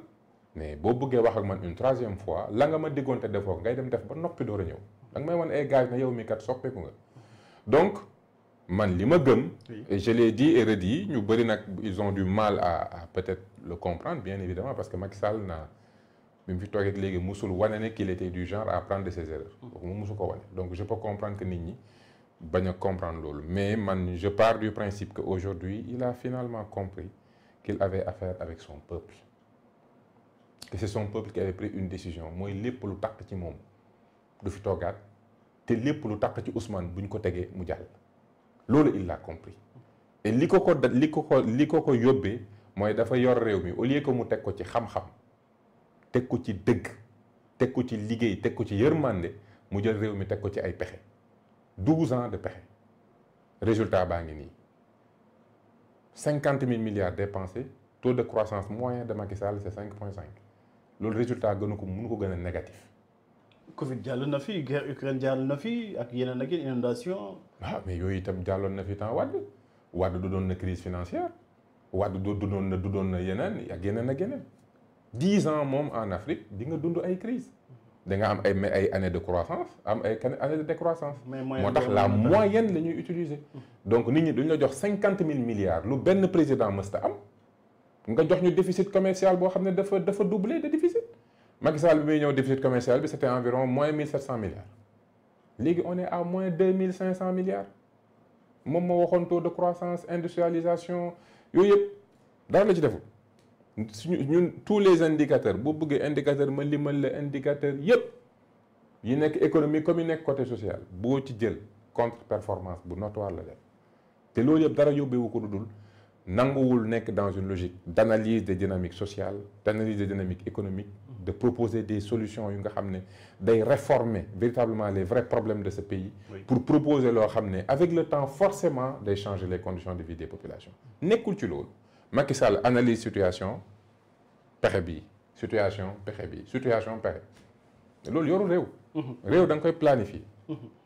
mais boo bëggee wax ak man une troisième fois la nga ma diggoon te defoo ngay dem def ba noppi door a ñëw da nga may wan ay gage na yow mi kat soppeeku nga donc man li ma gëm. et je l'ai dit et redit ñu bëri nag ils ont du mal à à peut-être le comprendre bien évidemment parce que Macky Sall na même victoire fi toogee léegi musul wane ne qu'il était du genre à apprendre de ses erreurs. Mm. donc mu musu ko wane donc je peux comprendre que nit ñi bien comprendre l'ol, mais man je pars du principe que aujourd'hui il a finalement compris qu'il avait affaire avec son peuple que c'est son peuple qui avait pris une décision Moi, il lu pour ci moom du fi toogaat te lépp lu taq ci Ousmane bu ñu ko Tegué, mu jàll il l'a compris et li ko ko li ko ko li ko ko yóbbee mooy dafa yor réew au lieu que mu teg ko ci xam-xam teg ko ci dëgg teg ko ci liggéey teg ko ci yërmande mu jël réew mi ko ci ay 12 ans de paix. Résultat, 50 000 milliards dépensés, taux de croissance moyen de Macky Sall, c'est 5,5. Le résultat est négatif. Covid, il y a guerre Ukraine, il y a une inondation. Ah, mais il y a eu une crise financière. Il y a des crises financières. Il y a eu une 10 ans en Afrique, il y a des crises. crise. Il y am ay de croissance am ay années de décroissance. la moyenne la ñuy utiliser. donc nous avons 50 000 jox milliards lu président mësta am nga jox déficit commercial bo xamné dafa doublé de déficit. Macky Sall bi déficit commercial c'était environ moins 1700 milliards Nous on est à moins 2500 500 milliards Nous mo waxon taux de croissance industrialisation yoyep dara la ci tous les indicateurs boo indicateurs, indicateur vous limal la indicateur yépp yi nekk économie comme yi nekk côté social vous ci jël contre performance bu notoire la def te loolu dara dans une logique d'analyse des dynamiques sociales d'analyse des dynamiques économiques de proposer des solutions de réformer véritablement les vrais problèmes de ce pays pour proposer leur xam avec le temps forcément d'échanger les conditions de vie des populations nekkul ci loolu Macky Sall analyse situation pexe situation pexe situation situation pexe loolu yoru réew. Mhm. réew dang koy planifier. Mhm.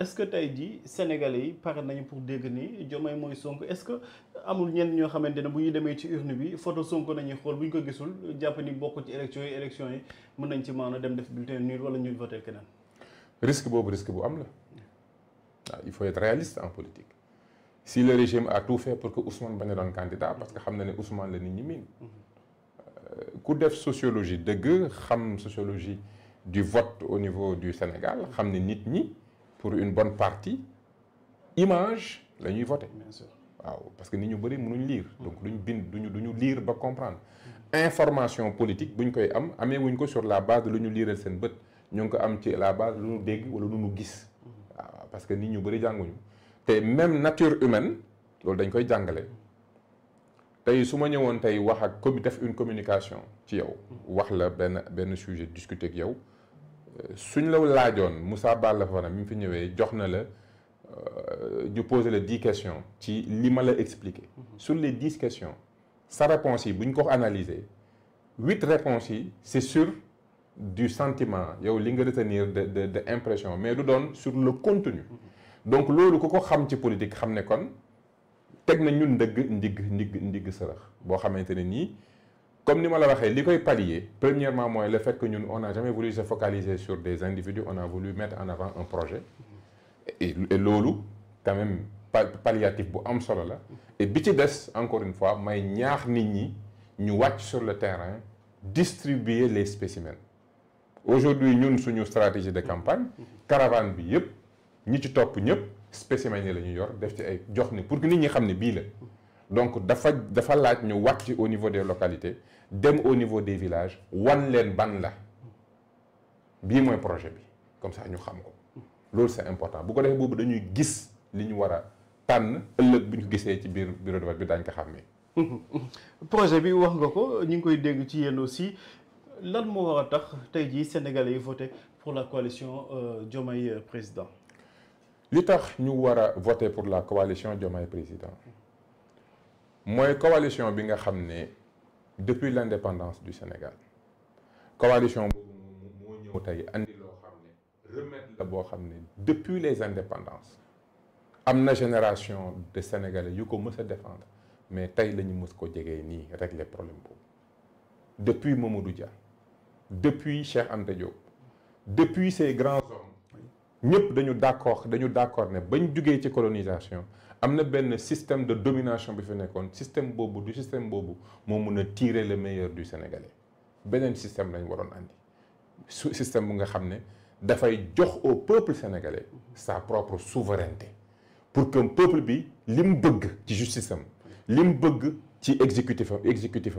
est-ce que tay di sénégalais yi paré nañ pour dégg ni jomay moy Sonko est-ce que amul ñen ño xamante bu ñu démé ci urne bi photo Sonko nañ xol buñ ko gisul japp ni bokku ci élection élection yi mën nañ ci maana dem def bulletin nul wala ñu voter keneen. risque bobu risque bu am la ah, il faut être réaliste en politique si le régime a tout fait pour que Ousmane bañ a doon candidat parce que xam na Ousmane la nit ñi miin. Euh, ku def sociologie dëgg xam sociologie du vote au niveau du Sénégal xam ni nit ñi pour une bonne partie image la ñuy voté. bien sûr waaw parce que nit ñu bëri mënuñ lire. donc duñ bind duñu duñu lire ba comprendre. information politique buñ koy am amé wuñ ko sur la base de lu ñu liiral seen bët ñoo ngi ko am ci la base lu ñu dégg wala lu ñu gis. waaw parce que nit ñu bëri jànguñu te même nature humaine loolu dañ koy jàngale. tey suma ma tay wax ak comité def une communication ci yow. wax la ben ben sujet discuter ak yow suñ la laajoon Moussa Balla mi fi euh, poser les questions ci li expliqué. Mhm. sur les 10 questions sa réponse yi bu réponses yi c'est sur du sentiment yow li nga retenir de mais du donne sur le contenu. Mhm. donc loolu ku ko xam ci politique kon comme nous l'avons dit, ce qui premièrement moi, le fait que nous n'avons jamais voulu se focaliser sur des individus on a voulu mettre en avant un projet et l'OLU, quand même palliatif pour am et bi encore une fois may ñaax nit ñi ñu sur le terrain distribuer les spécimens aujourd'hui nous, sur une stratégie de campagne caravane bi yëpp ñi ci topp spécimens yi la ñu pour que nous ñi xam ne la donc il faut laaj au niveau des localités au niveau des villages wan ban la projet comme ça nous xam c'est important Si vous avez boobu dañuy nous li ñu (laughs) projet bi wax aussi sénégalais yi pour la coalition Diomaye président Nous pour la coalition Diomaye président moy coalition bi nga xamné depuis l'indépendance du Sénégal coalition mo moo tay andi lo xamné remettre la depuis les indépendances amna génération de Sénégalais yu ko mës défendre mais tay lañu ñu mës ko jegee régler problème depuis Mamadou Dia depuis Cheikh Anta Diop depuis ces grands hommes ñëpp dañu d'accord dañu d'accord ne bañ jugee ci colonisation amna ben benn système de domination bi fi nekkoon système bobu du système bobu mo mëna tirer le meilleur du sénégalais un système lañ waroon andi système bu nga xamné da fay jox au peuple sénégalais sa propre souveraineté pour que peuple bi lim bëgg ci justice am lim bëgg ci exécutif am exécutif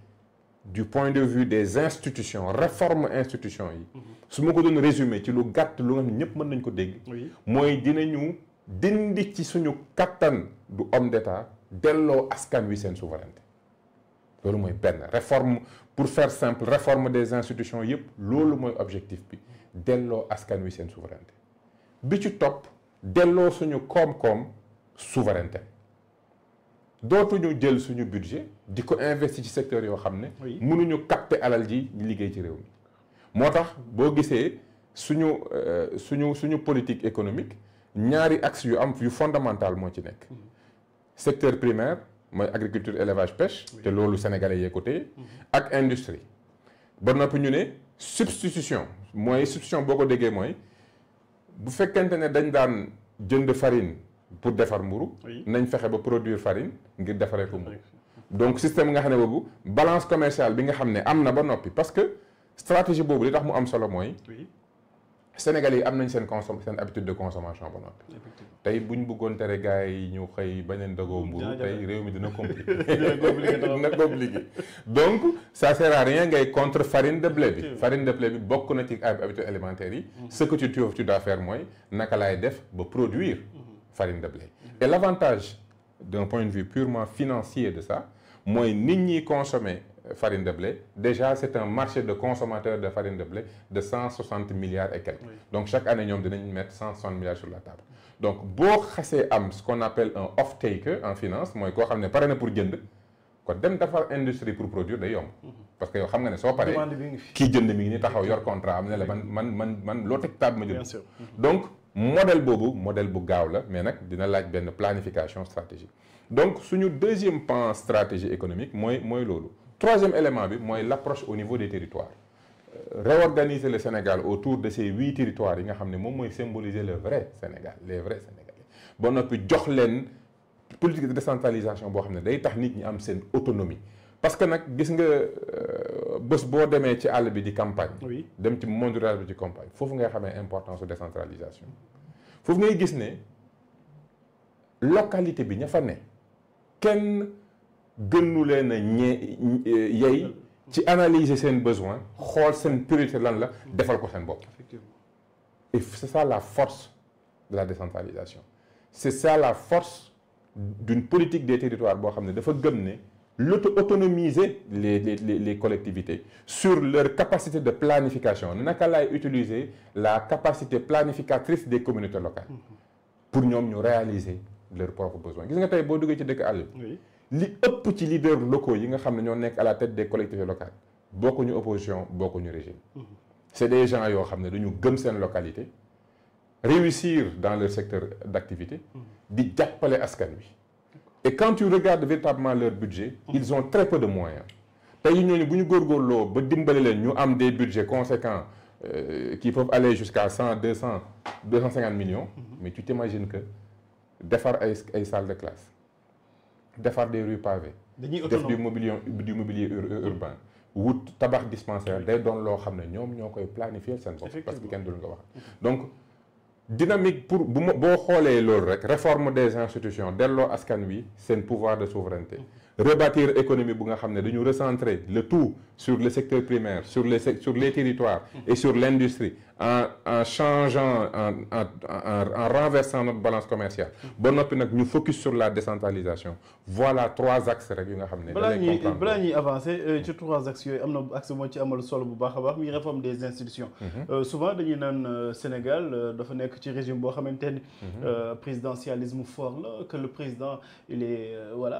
du point de vue des institutions réforme institutions si Si vous résumé ci lu gàtt lu nañ ko nous dinañu dindi ci du homme d'État dello askan souveraineté. réforme pour faire simple réforme des institutions c'est loolu objectif bi askan souveraineté bi ci top, suñu souveraineté dootuñu jël suñu budget di investir ci secteur yoo xam ne nous capter alal ji ñu liggéey ci réew mi moo tax nous gisee suñu euh, suñu suñu politique économique ñaari axe yu am yu fondamental moo ci nekk mhm. secteur primaire mooy agriculture élevage pêche te loolu sénégalais yee ko mhm. ak industrie ba noppi ñu ne substitution mooy substitution boo ko déggee mooy bu fekkente ne dañ daan jënd farine pour defar mburu nañ fexe ba produire farine ngir defaree ko mburu donc système nga xam ne boobu balance commerciale bi nga xam ne am na ba noppi parce que stratégie boobu li tax mu am solo mooy Sénégalais yi am nañ seen consom seen habitude de consommation ba noppi tey buñ bëggoon tere gars yi ñu xëy bañ leen dogoo mburu tey réew mi dina compliqué (laughs) dina compliqué donc ça sert à rien ngay contre farine de blé farine de blé bi bokk na ci habitude alimentaire yi mhm. ce que tu tu dois faire mooy naka laay def ba produire farine de blé. Et l'avantage d'un point de vue purement financier de ça, moi, ni ni consommer euh, farine de blé, déjà c'est un marché de consommateurs de farine de blé de 160 milliards et quelques. Donc chaque année, nous devons mettre 160 milliards sur la table. Donc, si am ce qu'on appelle un off-taker en finance, moi, je ne pas pour gagner. Quand dem d'affaires industrie pour produire des mhm. parce que vous savez que ne soo paree ki jënd mi ngi ni taxaw contrat am man man man table mhm. donc modèle Bobo, modèle bu gaaw la mais nak dina laaj planification stratégique donc suñu deuxième pan stratégie économique moy moy troisième élément bi l'approche au niveau des territoires euh, réorganiser le Sénégal autour de ces huit territoires yi nga symboliser le vrai Sénégal les vrais Sénégalais Bon, politique de décentralisation il y day tax autonomie parce que nak, gis nga euh, bés bo démé ci all bi di campagne. oui dem ci monde rural bi ci campagne fofu ngay xamé importance de décentralisation Fofu ngay gis ne localité bi ña fa né kenn gënu leen a ñee yey ci analyser sen besoin xol sen priorité lan la défal ko sen bop. effectivement et c'est ça la force de la décentralisation c'est ça la force d'une politique des territoires bo xamné dafa gëm ne l'auto-autonomiser les, les, collectivités sur leur capacité de planification. Nous utiliser utiliser la capacité planificatrice des communautés locales pour nous réaliser leurs propres besoins. Vous voyez, si vous avez li les leaders locaux qui nga à la tête des collectivités locales Beaucoup d'opposition, opposition de régime mm-hmm. c'est des gens qui ont ne dañu gëm localité réussir dans leur secteur d'activité mm-hmm. di jàppale askan wi et quand tu regardes véritablement leur budget, ils ont très peu de moyens. Si nous avons des budgets conséquents euh, qui peuvent aller jusqu'à 100, 200, 250 millions. Mm-hmm. Mais tu t'imagines que défaire des salles de classe, défaire des rues pavées, défaire du mobilier, du mobilier urbain, ou tabac dispensaire, des dons, ça avons planifié, parce que mm-hmm. Donc, dynamique pour bo xolé boo rek réforme des institutions dello askan wi le pouvoir de souveraineté mm-hmm. rebâtir économie bu nga xamné dañu recentrer le tout sur le secteur primaire, sur les, sur les territoires et sur l'industrie, en, en, changeant, en, en, en, renversant notre balance commerciale. Bon, nous focus sur la décentralisation. Voilà trois axes. que nous avancer sur euh, trois axes. axe moo ci amal solo bu baax a baax muy réforme des institutions mhm. euh, souvent dañuy le euh, Sénégal dafa nekk ci régime mhm. présidentialisme fort là, que le président il est voilà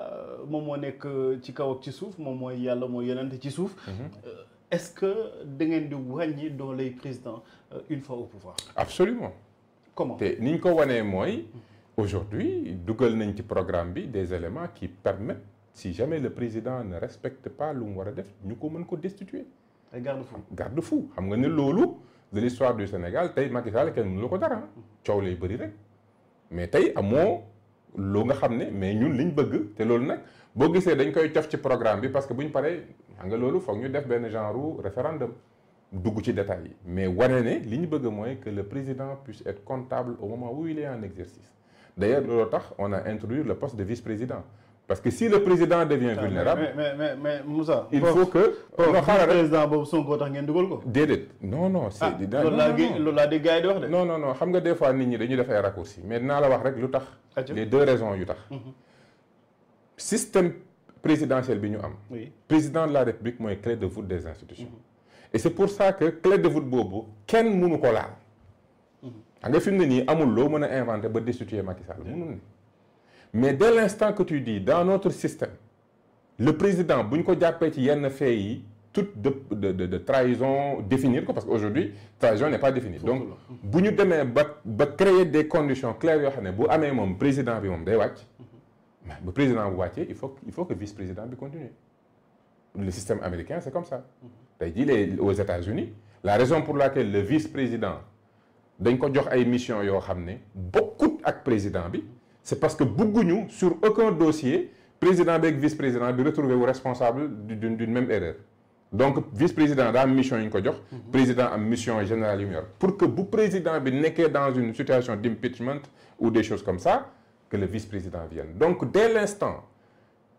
moom moo nekk ci kaw ak ci suuf moom mooy yàlla mooy yonent ci euh, est-ce que vous ngeen di dans les euh, une fois au pouvoir absolument comment aujourd'hui nous dans programme des éléments qui permettent si jamais le président ne respecte pas lu nous war destituer garde-fou garde-fou de l'histoire du Sénégal nous mais nga mais ñun liñ bëgg té dañ koy parce que buñ paré xam nga loolu foog ñu def benn genre référendum dugg ci détails yi mais wane ne li ñu bëgg mooy que le président puisse être comptable au moment où il est en exercice d'ailleurs loolu tax on a introduit le poste de vice-président parce que si le président devient vulnérable mais mais mais Moussa. il faut que. non xaaral rek président boobu Sonko tax ngeen dugal ko. déedéet non non. c'est. Ah, est non non loolu laa dégg gars yi di wax de. non non non xam nga des fois nit ñi dañuy def ay raccourcis mais naa la wax rek lu tax. les deux raisons yu tax. Mhm. système présidentiel bi am. président de la république moy clé de voûte des institutions. Mhm. et c'est pour ça que clé de voûte bobu kenn mënu ko laal. Mhm. xam nga fi ni amul lo mën inventer ba destituer Macky Sall mais dès l'instant que tu dis dans notre système le président si on ko jappé ci yenn fait yi toute de de de trahison définir ko parce qu'aujourd'hui, aujourd'hui trahison n'est pas définie donc si on ba créer des conditions claires yo on bu amé mom président bi mom day mais président bu il faut il faut que vice président continue le système américain c'est comme ça. cest mhm. à les aux États-Unis la raison pour laquelle le vice président a une mission à beaucoup président c'est parce que sur aucun dossier président avec vice président ne retrouver vous responsable d'une même erreur. donc vice mhm. président a mission le président mission générale pour que le président bi dans une situation d'impeachment ou des choses comme ça que le vice-président vienne. Donc, dès l'instant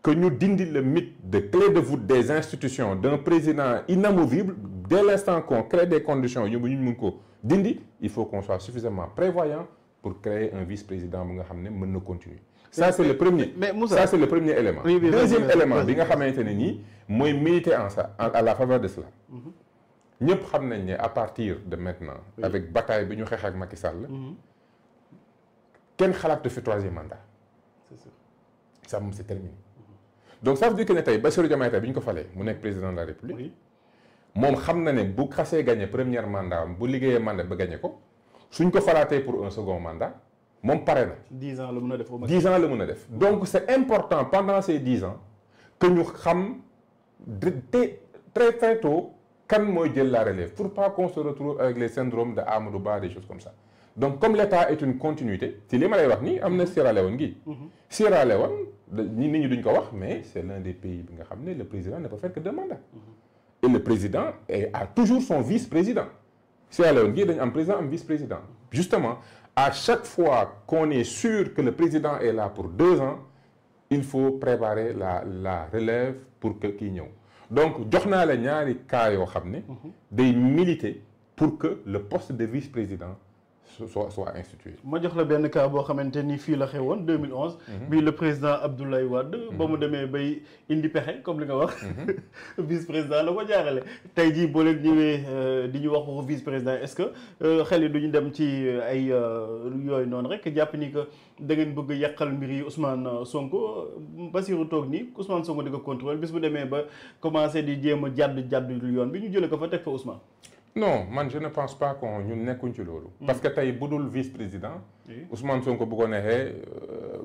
que nous dindit le mythe de clé de voûte des institutions d'un président inamovible, dès l'instant qu'on crée des conditions, il faut qu'on soit suffisamment prévoyant pour créer un vice-président qui Ça, c'est le premier. ça, c'est le premier élément. Oui, Deuxième oui, élément, moi, militer en ça, à la faveur de cela. Mhm. Nous savons à partir de maintenant, avec bataille de Macky mhm kenn xalaatu fi troisième mandat. c'est sûr ça c'est terminé. donc ça veut dire que ne Bassirou ko président de la République. Mon xam na ne bu xasee gagner premier mandat bu liggéeyee mandat ba quoi. ko suñ ko pour un second mandat Mon paréna. 10 dix ans le mën def dix ans le mën def. donc c'est important pendant ces dix ans que nous sachions très très très tôt kan mooy jël la relève pour pas qu'on se retrouve avec les syndromes de Hamoudouba des choses comme ça donc comme l'état est une continuité si li ma lay wax nii am na Sierra Leone gi mhm. Sierra Leone nit ñi duñ ko mais c'est l'un des pays bi nga le président ne peut faire que deux mandats mhm. et le président a toujours son vice-président Sierra Leone gi a am président am vice-président justement à chaque fois qu'on est sûr que le président est là pour deux ans il faut préparer la la relève pour que kii ñëw donc jox naa la ñaari cas yoo xam ne mhm. militer pour que le poste de vice-président soit soit institué. ma jox la benn cas boo xamante ni fii la 2011. Mhm. bii le président Abdoulaye Wade. Mhm. ba mu demee bay indi comme li nga wax. Mhm. (laughs) vice président le ko jaarale. tey jii le leen ñëwee euh, di ñu wax vice président est-ce que euh, xel yi dem ci euh, ay yooyu noonu rek jàpp ni que da ngeen bëgg yakal mbir Ousmane Sonko Bassirou tok ni Ousmane Sonko di ko contrôle bis bu démé ba commencé di jëm jadd jàdd yoon bi ñu jël ko fa tek fa Ousmane non je ne pense pas qu'on ne soit pas. parce que tu vice président. Ousmane Sonko bu ko euh,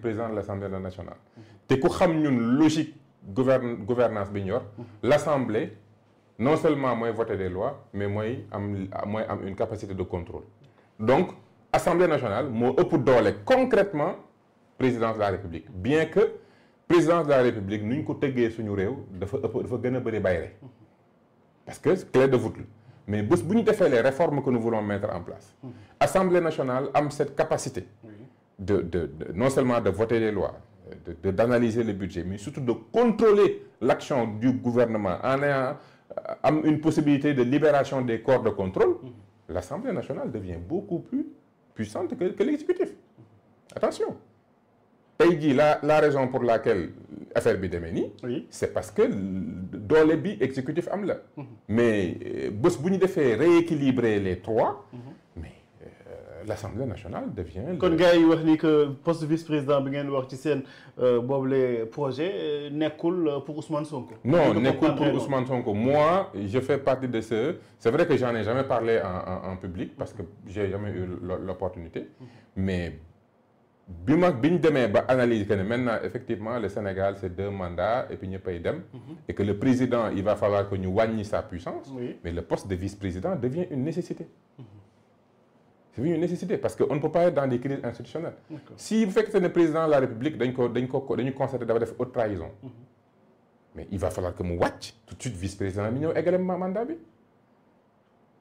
président de l'Assemblée nationale. Mm-hmm. te ku xam une logique gouvernance mm-hmm. l'Assemblée, non seulement moi voter des lois mais elle a une capacité de contrôle. donc l'Assemblée nationale elle ëpp concrètement présidence de la république bien que présidence de la république nous ñu ko été suñu réew dafa faire parce que c'est clair de voûte mais si vous pas les réformes que nous voulons mettre en place l'Assemblée mmh. nationale a cette capacité de non seulement de voter les lois de d'analyser le budget mais surtout de contrôler l'action du gouvernement en ayant euh, une possibilité de libération des corps de contrôle mmh. l'assemblée nationale devient beaucoup plus puissante que l'exécutif mmh. attention pays dit la la raison pour laquelle affaire bi demee ni c'est parce que doole bi exécutif am la. Mhm. mais euh, Boss buñu défé rééquilibrer les trois. Mhm. mais euh, l'Assemblée nationale devient. kon gars wax ni que poste vice-président bi ngeen wax ci sen euh, boblé projet nekkul pour Ousmane Sonko. non nekkul pour Ousmane Sonko moi je fais partie de ceux c'est vrai que j'en ai jamais parlé en en en public parce que j'ai jamais eu l'opportunité mhm. mais bi ma analyse que maintenant effectivement le Sénégal c'est deux mandats et puis ñëppay dem. Mhm. et que le président il va falloir que nous wàññi sa puissance. mais le poste de vice-président devient une nécessité. Mhm. c'est une nécessité parce qu'on ne peut pas être dans des crises institutionnelles. si vous que le président de la République d'un ko dañ ko dafa def haute trahison. Mhm. mais il va falloir que nous watch tout de suite vice-président également mandat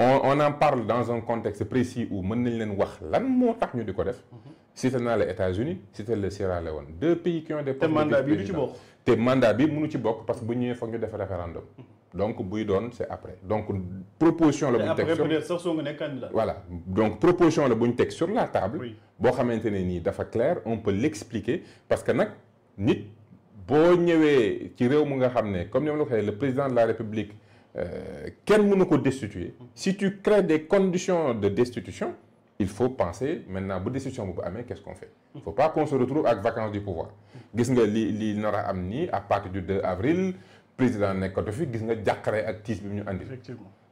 on en parle dans un contexte précis où mën nañ leen wax lan tax ñu mhm. Si États-Unis c'est le Sierra Leone deux pays qui ont des. mandats. mandat bi du ci bokk mandat bi mënu parce que nous avons fait un référendum. Mhm. donc buy doon c'est après donc proposition le bu sur voilà donc proposition le bon texte sur la table. Si vous ne dafa clair on peut l'expliquer. parce que si nit boo ñëwee ci comme le président de la république. Quel euh, mënu le destituer si tu crées des conditions de destitution il faut penser maintenant la destitution mais qu'est-ce qu'on fait il ne faut pas qu'on se retrouve avec vacances du pouvoir vous nga li li à partir du 2 avril président nga ak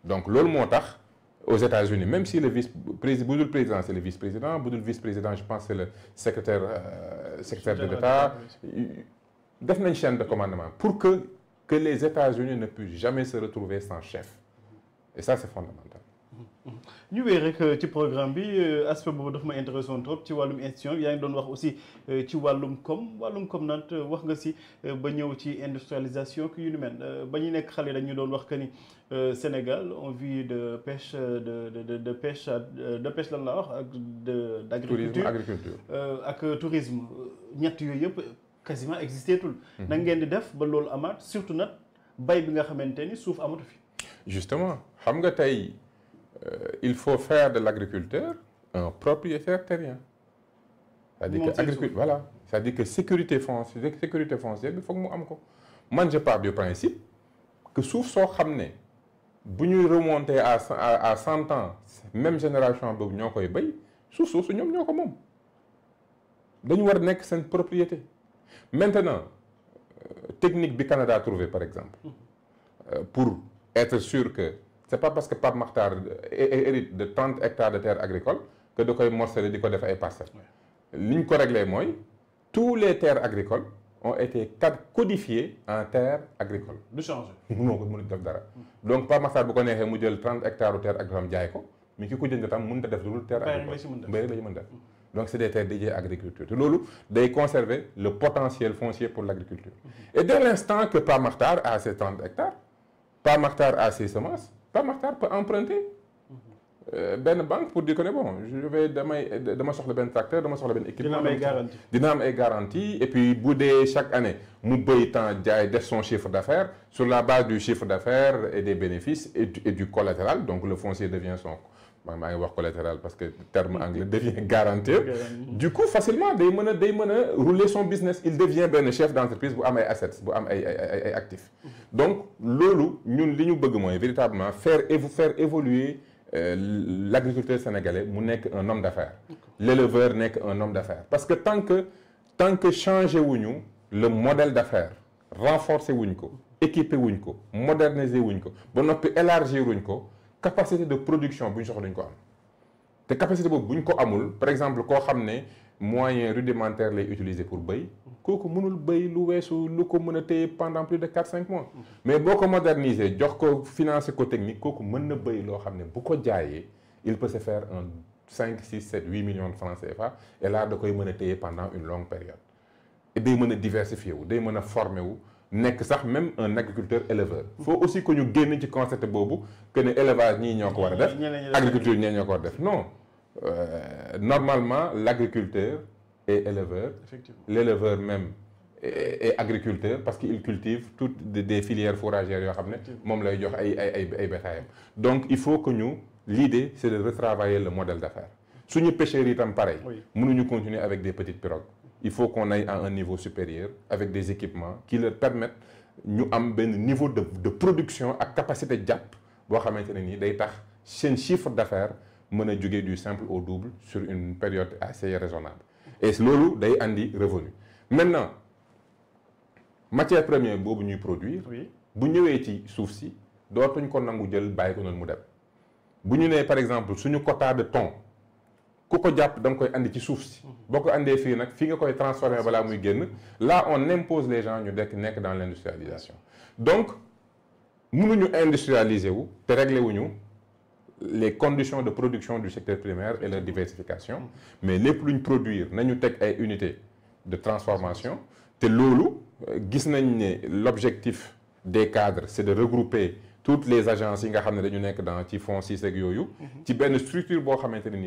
donc loolu aux États-Unis, même si le vice-président, c'est le vice-président, le vice-président, je pense, c'est le secrétaire, euh, secrétaire de l'État, une chaîne de commandement pour que que les États-Unis ne puissent jamais se retrouver sans chef. Et ça, c'est fondamental. Nous verrons que ce programme bi euh, aspect boobu dafa ma intéressé woon trop ci wàllum institution yaa ngi doon wax aussi euh, ci wàllum koom wàllum koom nag euh, wax nga si ba ñëw ci industrialisation que yu ni mel ba ñu nekk xale dañu doon wax que ni Sénégal on vit de pêche de de de pêche de pêche dans l'or, wax ak de. d' agriculture ak tourisme ñett quasiment existé tout. Mhm. na ngeen di def ba loolu amaat surtout nag bay bi nga xamante ni amatu fi. justement xam nga tey euh, il faut faire de l'agriculteur un propriétaire terrien. c'est-à-dire que voilà c'est-à-dire que sécurité foncière sécurité foncière bi foog mu am ko. man je pars du principe que souf so xam ne bu ñuy remonter à à cent ans même génération boobu ñoo koy béy suuf soosu ñoom ñoo ko moom dañu war nekk seen propriété. Maintenant, euh, technique du Canada a trouvé, par exemple, mhm. euh, pour être sûr que ce n'est pas parce que Pape Martar euh, hérite de 30 hectares de terres agricoles que de quoi morceler, de quoi faire des est que tous les terres agricoles ont été codifiées en terres agricoles. De changer. Non, Donc, Pape Martar, vous connaissez, 30 hectares de terres agricoles, mais qui a de terres agricoles donc c'est des terres dédiées à l'agriculture de conserver le potentiel foncier pour l'agriculture et dès l'instant que Pamartar a ses 30 hectares Pamartar a ses semences Pamartar peut emprunter une euh, banque pour dire que bon je vais demander sur le ben tracteur dama le ben équipement garanti. am est garanti. et puis chaque année mu a son chiffre d'affaires sur la base du chiffre d'affaires et des bénéfices et du collatéral donc le foncier devient son je vais collatéral parce que le terme mm. anglais devient (laughs) garanti du coup facilement il peut rouler son business il devient un chef d'entreprise bu avoir des assets bu actifs donc nous, ñun voulons bëgg véritablement faire évoluer euh, l'agriculteur sénégalais mu est un homme d'affaires l'éleveur est un homme d'affaires parce que tant que tant que changé le modèle d'affaires renforcer, équiper, ko équipé modernisé élargir capacité de production buñ une ko am té capacité bobu buñ ko amul par exemple ko xamné moyens rudimentaires lay utiliser pour bay koku mënul peut lu wessu lu ko mëna téyé pendant plus de 4 5 mois mais boko moderniser jox ko financer ko technique koku mëna a lo xamné bu ko jaayé il peut se faire 5 6 7 8 millions de francs CFA et là da koy mëna téyé pendant une longue période et day mëna diversifier ou day mëna former nek sax même un agriculteur éleveur. faut aussi que nous génn ci concept bobu que né élevage ñii ñoko ko def. agriculture ñii ñoko def non euh, normalement l'agriculteur est éleveur. L'éleveur même est agriculteur parce qu'il cultive toutes des filières fourragères yo xamné mom lay jox ay ay ay donc il faut que nous l'idée, c'est de retravailler le modèle d'affaires. Si suñu pêcherie tam pareil. ñu continuer avec des petites pirogues il faut qu'on aille à un niveau supérieur avec des équipements qui leur permettent ñu am un niveau de de production à capacité de gap pour maintenir nii day chiffre d'affaires mën du simple au double sur une période assez raisonnable et ce day andi revenu maintenant matière première que nous produire si nous ko un jël nous ko un mu Par bu Si nous, par exemple quota de thon ku ko jàpp da nga koy andi ci suuf si boo ko andee fii nag nga koy transformer là on impose les gens ñu dekk nekk dans l'industrialisation. nous donc mënuñu industrialiser wu te régler wuñu les conditions de production du secteur primaire et leur diversification mais les plus produire nañu teg ay unités de transformation C'est loolu gis nañ des cadres c'est de regrouper toutes les agences qui nga xam dañu dans ci fonds six qui yooyu mhm. ci structure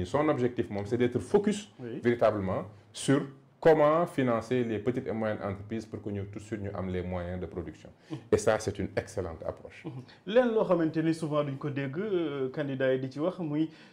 son objectif c'est d'être focus véritablement sur comment financer les petites et moyennes entreprises pour que nous tout tous les moyens de production mhm. et ça c'est une excellente approche mhm. L'un de souvent duñ ko euh, candidat yi di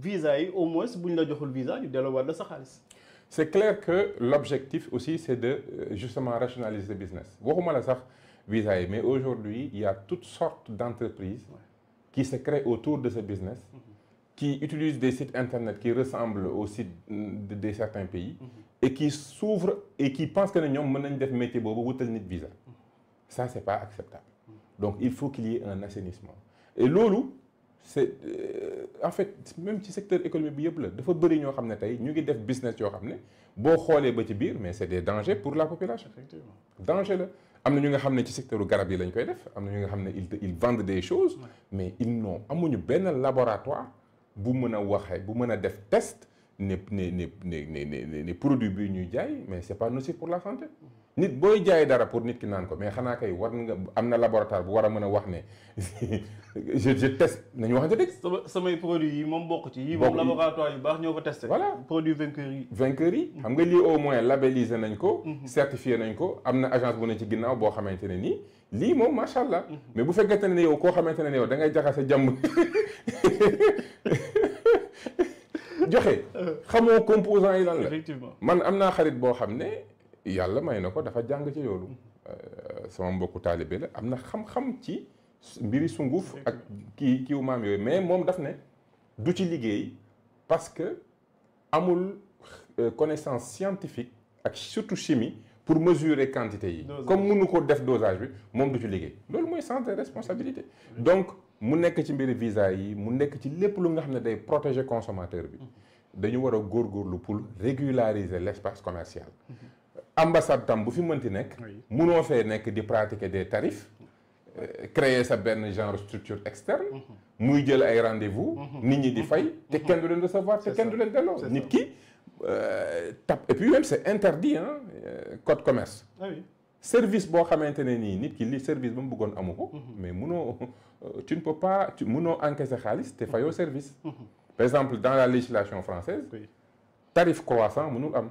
visa au moins visa c'est clair que l'objectif aussi c'est de euh, justement rationaliser le business waxuma visa mais aujourd'hui il y a toutes sortes d'entreprises qui se créent autour de ce business mm-hmm. qui utilisent des sites internet qui ressemblent aux sites de certains pays mm-hmm. et qui s'ouvrent et qui pensent que nous avons métier wutal visa mm-hmm. ça c'est pas acceptable donc il faut qu'il y ait un assainissement et l'olu, c'est euh, en fait même ci secteur économique bi yëpp la dafa bëri ñoo xam ne tey ñu ngi def business yoo xam ne boo xoolee ba ci biir mais c'est des dangers pour la population. effectivement danger là am na ñu nga xam ci secteur garab yi lañ koy def am na ñu nga xam ne ils ils vendent des choses. mais ils n'ont amuñu benn laboratoire bu mën a waxee bu mën a def test ne ne ne ne ne ne produit bi ñuy jaay mais c'est pas nocif pour la santé. Mm nit boy jaay dara pour nit ki nan ko mais xana kay war nga amna laboratoire bu wara meuna wax ne (laughs) je je teste nañu wax nga dëgg. sama samay yi mom bok ci. yi mom laboratoire yu bax ñoo ko testé. voilà produit vainqueur yi. vainqueur yi xam nga li au moins labellisé nañ ko. Mhm. certifié nañ ko amna agence bu ne ci ginnaw bo xamantene ni li mom machallah mhm. mais bu fekkente ne yow ko xamantene ne yow da ngay jaxase jamm (laughs) joxe euh. xamoo composant yi lan la. effectivement man am naa xarit boo xam ne yalla may na dafa jang ci loolu euh, sama mbokku talibé la amna xam-xam ci mbiri sunguf ak ki kiiw maam yooyu mais mom daf né du ci liggéey parce que amul euh, connaissance scientifique ak surtout chimie pour mesurer quantité yi comme mënu ko def dosage bi mom du ci liggéey loolu moy sens de responsabilité donc mu nek ci mbiri visa yi mu nek ci lepp lu nga xam ne day protéger consommateur bi mm-hmm. dañu war a góorgóorlu pour régulariser l' espace commercial mm-hmm ambassade tam bu fi mënti nekk. munoo fee di pratiquer des tarifs. Euh, créer sa ben genre structure externe. Mhm. muy jël ay rendez-vous. Mhm. nit ñi di mhm. fay. té kenn du leen recevoir té kenn du leen délo nit ki euh, tap et puis même c'est interdit hein euh, code commerce. Ah service bo xamantene ni nit ki li service bu bëggone amuko mais munoo tu ne peux pas tu munoo encaisser xaalis te au service. par exemple dans la législation française tarif croissant mënul am.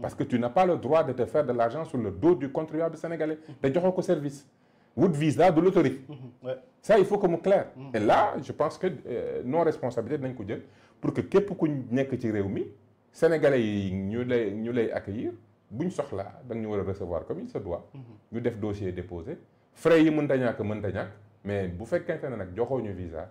parce que tu n'as pas le droit de te faire de l'argent sur le dos du contribuable sénégalais. Tu n'as pas service. Ou de visa de l'autorité. Mm-hmm. Ça, il faut que me clair. Mm-hmm. Et là, je pense que euh, nos responsabilités sont les pour que quelqu'un qui les que Sénégalais nous les accueillir, buñ soxla là, ñu wara recevoir comme il se doit mm-hmm. ñu def dossier déposé frais yi mën mais si vous faites un visa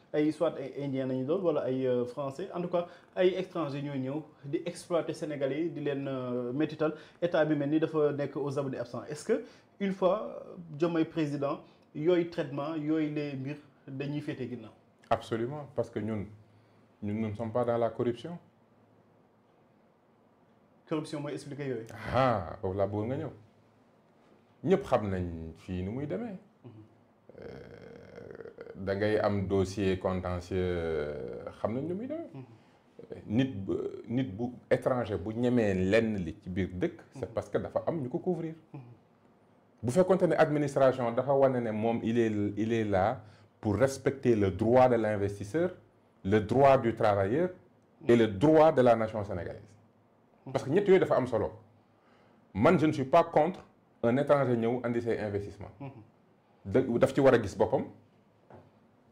ay soit ay indien sont doon ay euh, français en tout cas ay étrangers Ils ñëw di exploiter sénégalais di leen euh, métital état bi melni dafa nek aux abonnés absents est-ce que une fois jomay euh, président yoy traitement yoy les murs dañuy fété ginnaw absolument parce que ñun nous ne sommes pas dans la corruption. corruption moi expliqué yoy ah c'est la nga ñëw ñëpp xam nañ fi nu muy mhm. euh da ngay am dossier contentieux euh, xam nañ nu muy demee. Mhm. nit étrangers, nit bu étranger bu ñemee lenn li ci dëkk. c'est mhm. parce que dafa am ñu ko couvrir. Mhm. bu fekkonte ne administration dafa wane ne moom il est il est là pour respecter le droit de l'investisseur le droit du travailleur. et le droit de la nation sénégalaise. parce que ñett yooyu dafa am solo. man je ne suis pas contre un étranger ñëw andi say investissement. daf ci war a gis boppam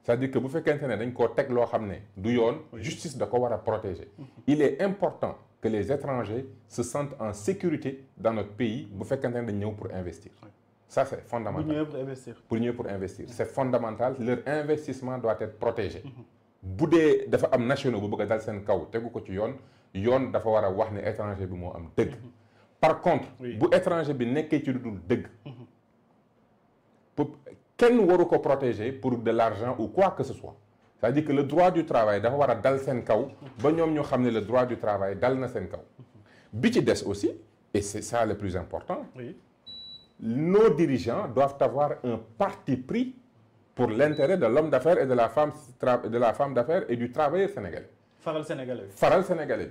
c'est-à-dire que bu faites ne dañ koo teg loo du justice da ko protéger mhm. il est important que les étrangers se sentent en sécurité dans notre pays bu faites ne dañ pour investir ça c'est fondamental pour ñëw pour investir pour ñëw pour investir mhm. c'est fondamental leur investissement doit être protégé Si mhm. dee dafa am national, bu bëgg a dal seen kaw tegu ko ci yoon yoon dafa a wax ne étranger bi am par contre bu étranger bi pas ci lu dëgg quel nous ko protéger pour de l'argent ou quoi que ce soit c'est-à-dire que le droit du travail d'avoir war dal sen kaw le droit du travail dal na aussi et c'est ça le plus important nos dirigeants doivent avoir un parti pris pour l'intérêt de l'homme d'affaires et de la femme d'affaires et du travailleur sénégalais faral sénégalais faral sénégalais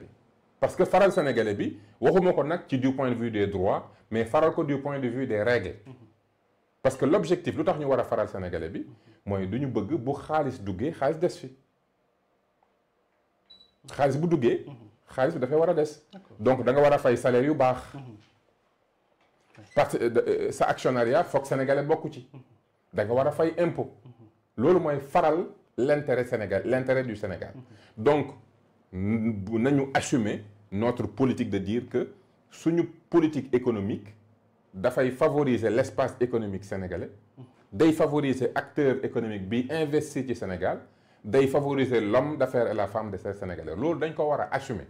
parce que faral sénégalais du point de vue des droits mais faral du point de vue des règles mhm. Parce que l'objectif, ce que nous doit faire au Sénégal, c'est qu'on veut que si le Khalis est venu, il est venu. Khalis est venu, le Khalis est venu. Donc, tu dois faire un salaire bon. Mhm. Parce que euh, euh, son actionnariat, il faut que le Sénégal ait beaucoup. Tu dois faire des impôts. C'est ce qui est faire l'intérêt du Sénégal. Mhm. Donc, nous devons assumer notre politique de dire que si une politique économique dafay favoriser l'espace économique sénégalais favoriser acteurs économique bi investi au Sénégal favoriser l'homme d'affaires et la femme de sénégalais mhm.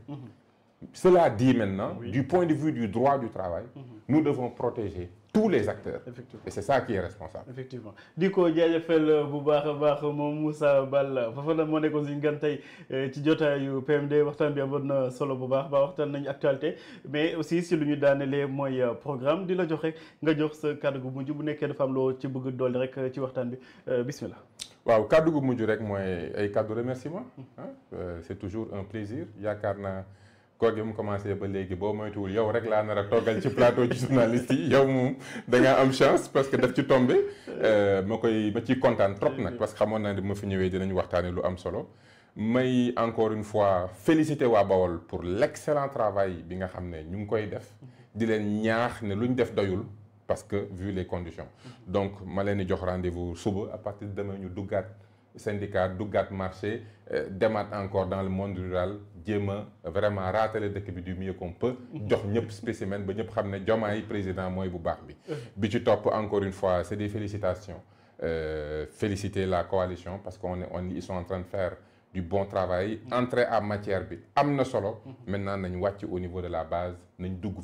cela dit maintenant du point de vue du droit du travail mhm. nous devons protéger tous les acteurs. Effectivement. Et c'est ça qui est responsable. Effectivement. Du coup, jaajëfal euh, bu baax a baax euh, moom Moussa Balla foofa la moo nekkoon suñu euh, ci jotaayu PMD waxtaan bi amoon na solo bu baax ba waxtaan nañu actualité mais aussi si lu ñu daanelee mooy programme di la jox nga jox ce kàddu gu mujj bu nekkee dafa am loo ci bëgg rek ci waxtaan bi bismillah. waaw cadre gu mujj rek mooy ay kàddu remerciement. Hmm. Hein. c'est toujours un plaisir Yakarna. naa koor gi mu commencé ba léegi boo moytuwul yow rek laa nar a toggal ci plateau ci journaliste yi yow moom am chance parce que daf ci tombé euh, ma koy ma tu content trop nag parce que xamoon naa ne bu ma fi ñëwee dinañ waxtaane lu am solo may encore une fois félicité waa Bawol pour l'excellent travail bi nga xam ne ñu ngi koy def di leen ñaax ne lu def doyul parce que vu les conditions donc ma leen jox rendez-vous suba à partir de demain ñu duggaat syndicat duggaat marché euh, demaat encore dans le monde rural vraiment le le du mieux qu'on peut jox spécimen ba président bu baax bi encore une fois c'est des félicitations euh, féliciter la coalition parce qu'on sont en train de faire du bon travail Entrer en matière solo maintenant nañ wacc au niveau de la base nañ dugg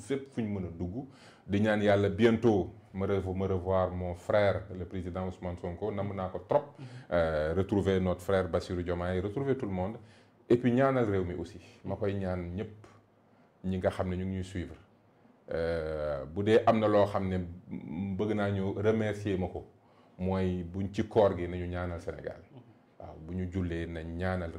dugg di ñaan yalla bientôt me revoir mon frère le président Ousmane Sonko euh, retrouver notre frère retrouver tout le monde et ñaanal réew mi aussi ma koy ñaan ñëpp ñi nga xam ne ñu ngi ñuy suivre euh, bu dee am na loo xam ne bëgg naa ñu remercier ma ko mooy buñ ci koor gi nañu ñaanal Sénégal waaw ah, bu na jullee nañ ñaanal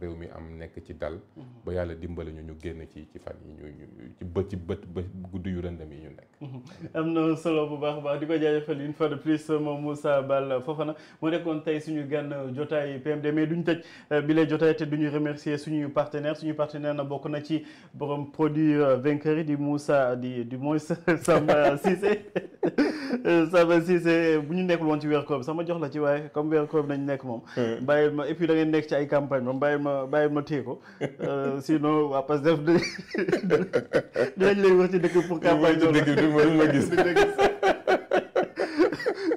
réew mi am nekk ci dal mhm. ba yàlla dimbali ñu ñu génn ci ci fan yi ñu ci bët ci bët ba yu ñu nekk mhm. am solo bu baax a baax di ko jaajëfal une fois de plus moom Moussa Bal Fofana moo nekkoon tey suñu gan jotaay PMD mais duñ tëj euh, bi lay jotaay te duñu remercier suñu partenaire suñu partenaire na boko na ci borom produit euh, vainqueur di Moussa di du moins (laughs) Samba Cissé (laughs) Samba Cissé bu ñu nekkul woon ci weer koor bi jox la ci comme weer koor nañ nekk bàyyil ma et puis nekk ci ay campagne moom bàyyil ma bàyyil ma téye ko euh, sinon waa Pastef (laughs) dinañ lay wax ci dëkk pour campagne. dinañ ci dëkk bi ma gis (laughs)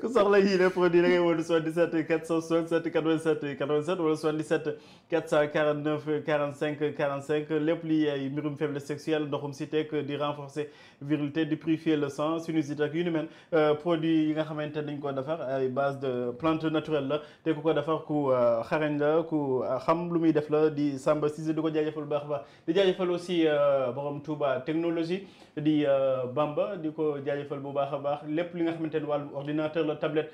ku soxla yii la produit da ngay 77 467 87 87 wala 77 449 45 45 lépp li ay mbirum faible sexuel ndoxum si que di renforcer virilité di purifier le sang sinusite ak yu ni mel euh, produit yi nga xamante dañ ko defar ay base de plante naturelle la te ku ko defar ku euh, xarañ la ku euh, xam lu muy def la di Samba Cissé di ko jaajëfal bu baax a di jaajëfal aussi borom Touba technologie di Bamba di ko jaajëfal bu baax a baax lépp li nga xamante ni wàllu ordinateur la tablette.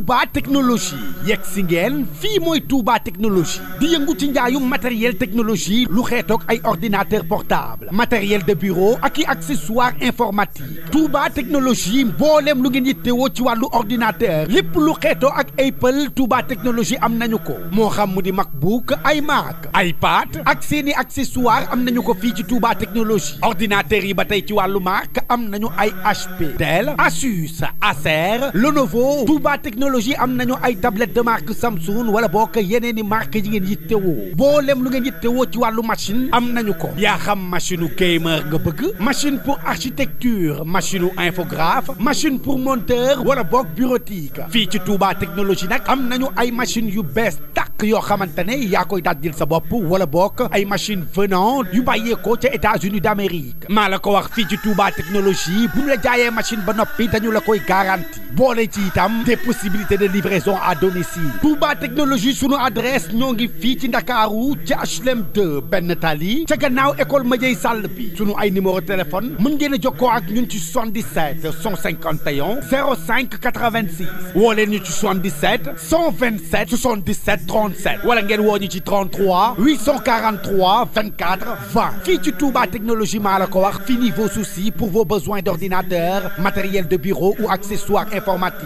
Touba technologie yegg si fi moy Touba technologie di yëngu ci matériel technologie lu xeetook ay ordinateur portable matériel de bureau ak accessoire informatique Touba technologie Bon lu ngeen yittewoo ci walu ordinateur lepp lu xeetoo ak Apple Touba technologie am nañu ko mo xam di MacBook iMac iPad ak seeni accessoire am nañu ko fi ci Touba technologie ordinateur yi ba ci walu marque am nañu ay HP Dell Asus Acer Lenovo Touba technologie technologie am nañu ay tablette de marque Samsung wala bok ko yeneen ni marque yi ngeen yittewoo mboolem lu ngeen yittewoo ci walu machine am nañu ko ya xam machine u gamer nga bëgg machine pour architecture machine u infographe machine pour monteur wala bok bureautique fi ci Touba technologie nak am nañu ay machine yu bees tak yo xamantene ya yaa koy dàddil sa bop wala bok ay machine venant yu bàyyeekoo ca États-Unis d'Amérique maa ko wax fi ci Touba technologie bu la jaayee machine ba nopi dañu la koy bo boole ci itam des possibilités de livraison à domicile Touba technologie sous nos adresses. Nyongi Fiti ci Ndakaaru HLM 2 Ben tali ca gannaaw école Madieye salbi. bi nos ay numéro téléphone mën ngeen a ak 77 151 05 86 woo leen 77 127 77 37 wala ngeen woo 33 843 24 20 Fiti ci Touba technologie Malakoar. fini vos soucis pour vos besoins d'ordinateur matériel de bureau ou accessoires informatiques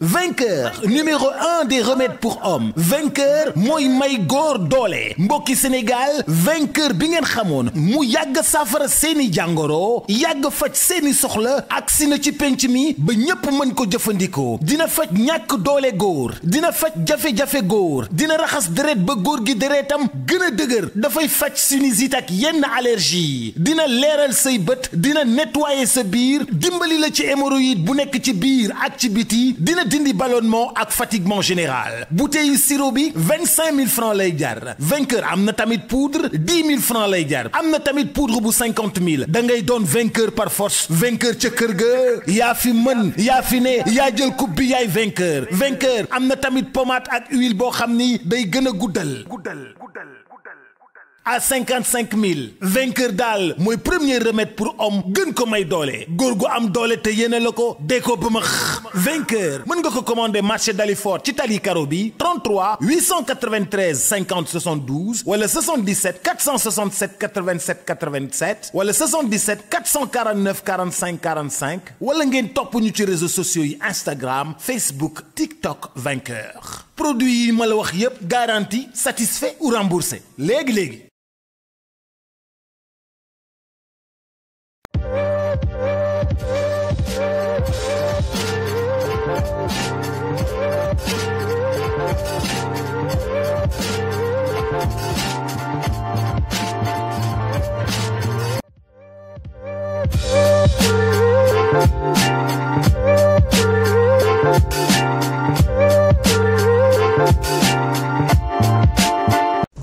vainqueur numéro un des remèdes pour hommes vainqueur Moy may Gor d'olé mbokki Sénégal vainqueur bi ngeen xamone mu yàgg saafara Séni jangoro yàgg fajj seeni soxla ak si ci penc mi ba ñepp mën ko dina fajj ñàkk dolé gor. dina fajj jafe jafé gor. dina raxas deret ba gor gi deretam gën a yen ak yenn allergie dina léral sey dina nettoyer sa biir dimbali la ci Bounek bu nekk ci biir ak ci biti dina dindi ballonnement ak fatiguement général bouteille sirop bi vingt francs lay jar vainqueur am poudre 10 000 francs lay jar am tamit poudre bu cinquante mille da ngay vainqueur par force vainqueur ca kër ga yaa fi mën yaa ne yaa coupe bi vainqueur vainqueur am na tamit pommade ak huile boo ni day a guddal guddal à 55 000 vainqueur dal, mon premier remède pour homme gën ko may doole am te yene la vainqueur vous nga marché Dalifort ci tali 33 893 50 72 le 77 467 87 87 ou le 77 449 45 45 wala ngeen top ñu ci réseaux sociaux Instagram Facebook TikTok vainqueur produit yi garantie satisfait ou remboursé les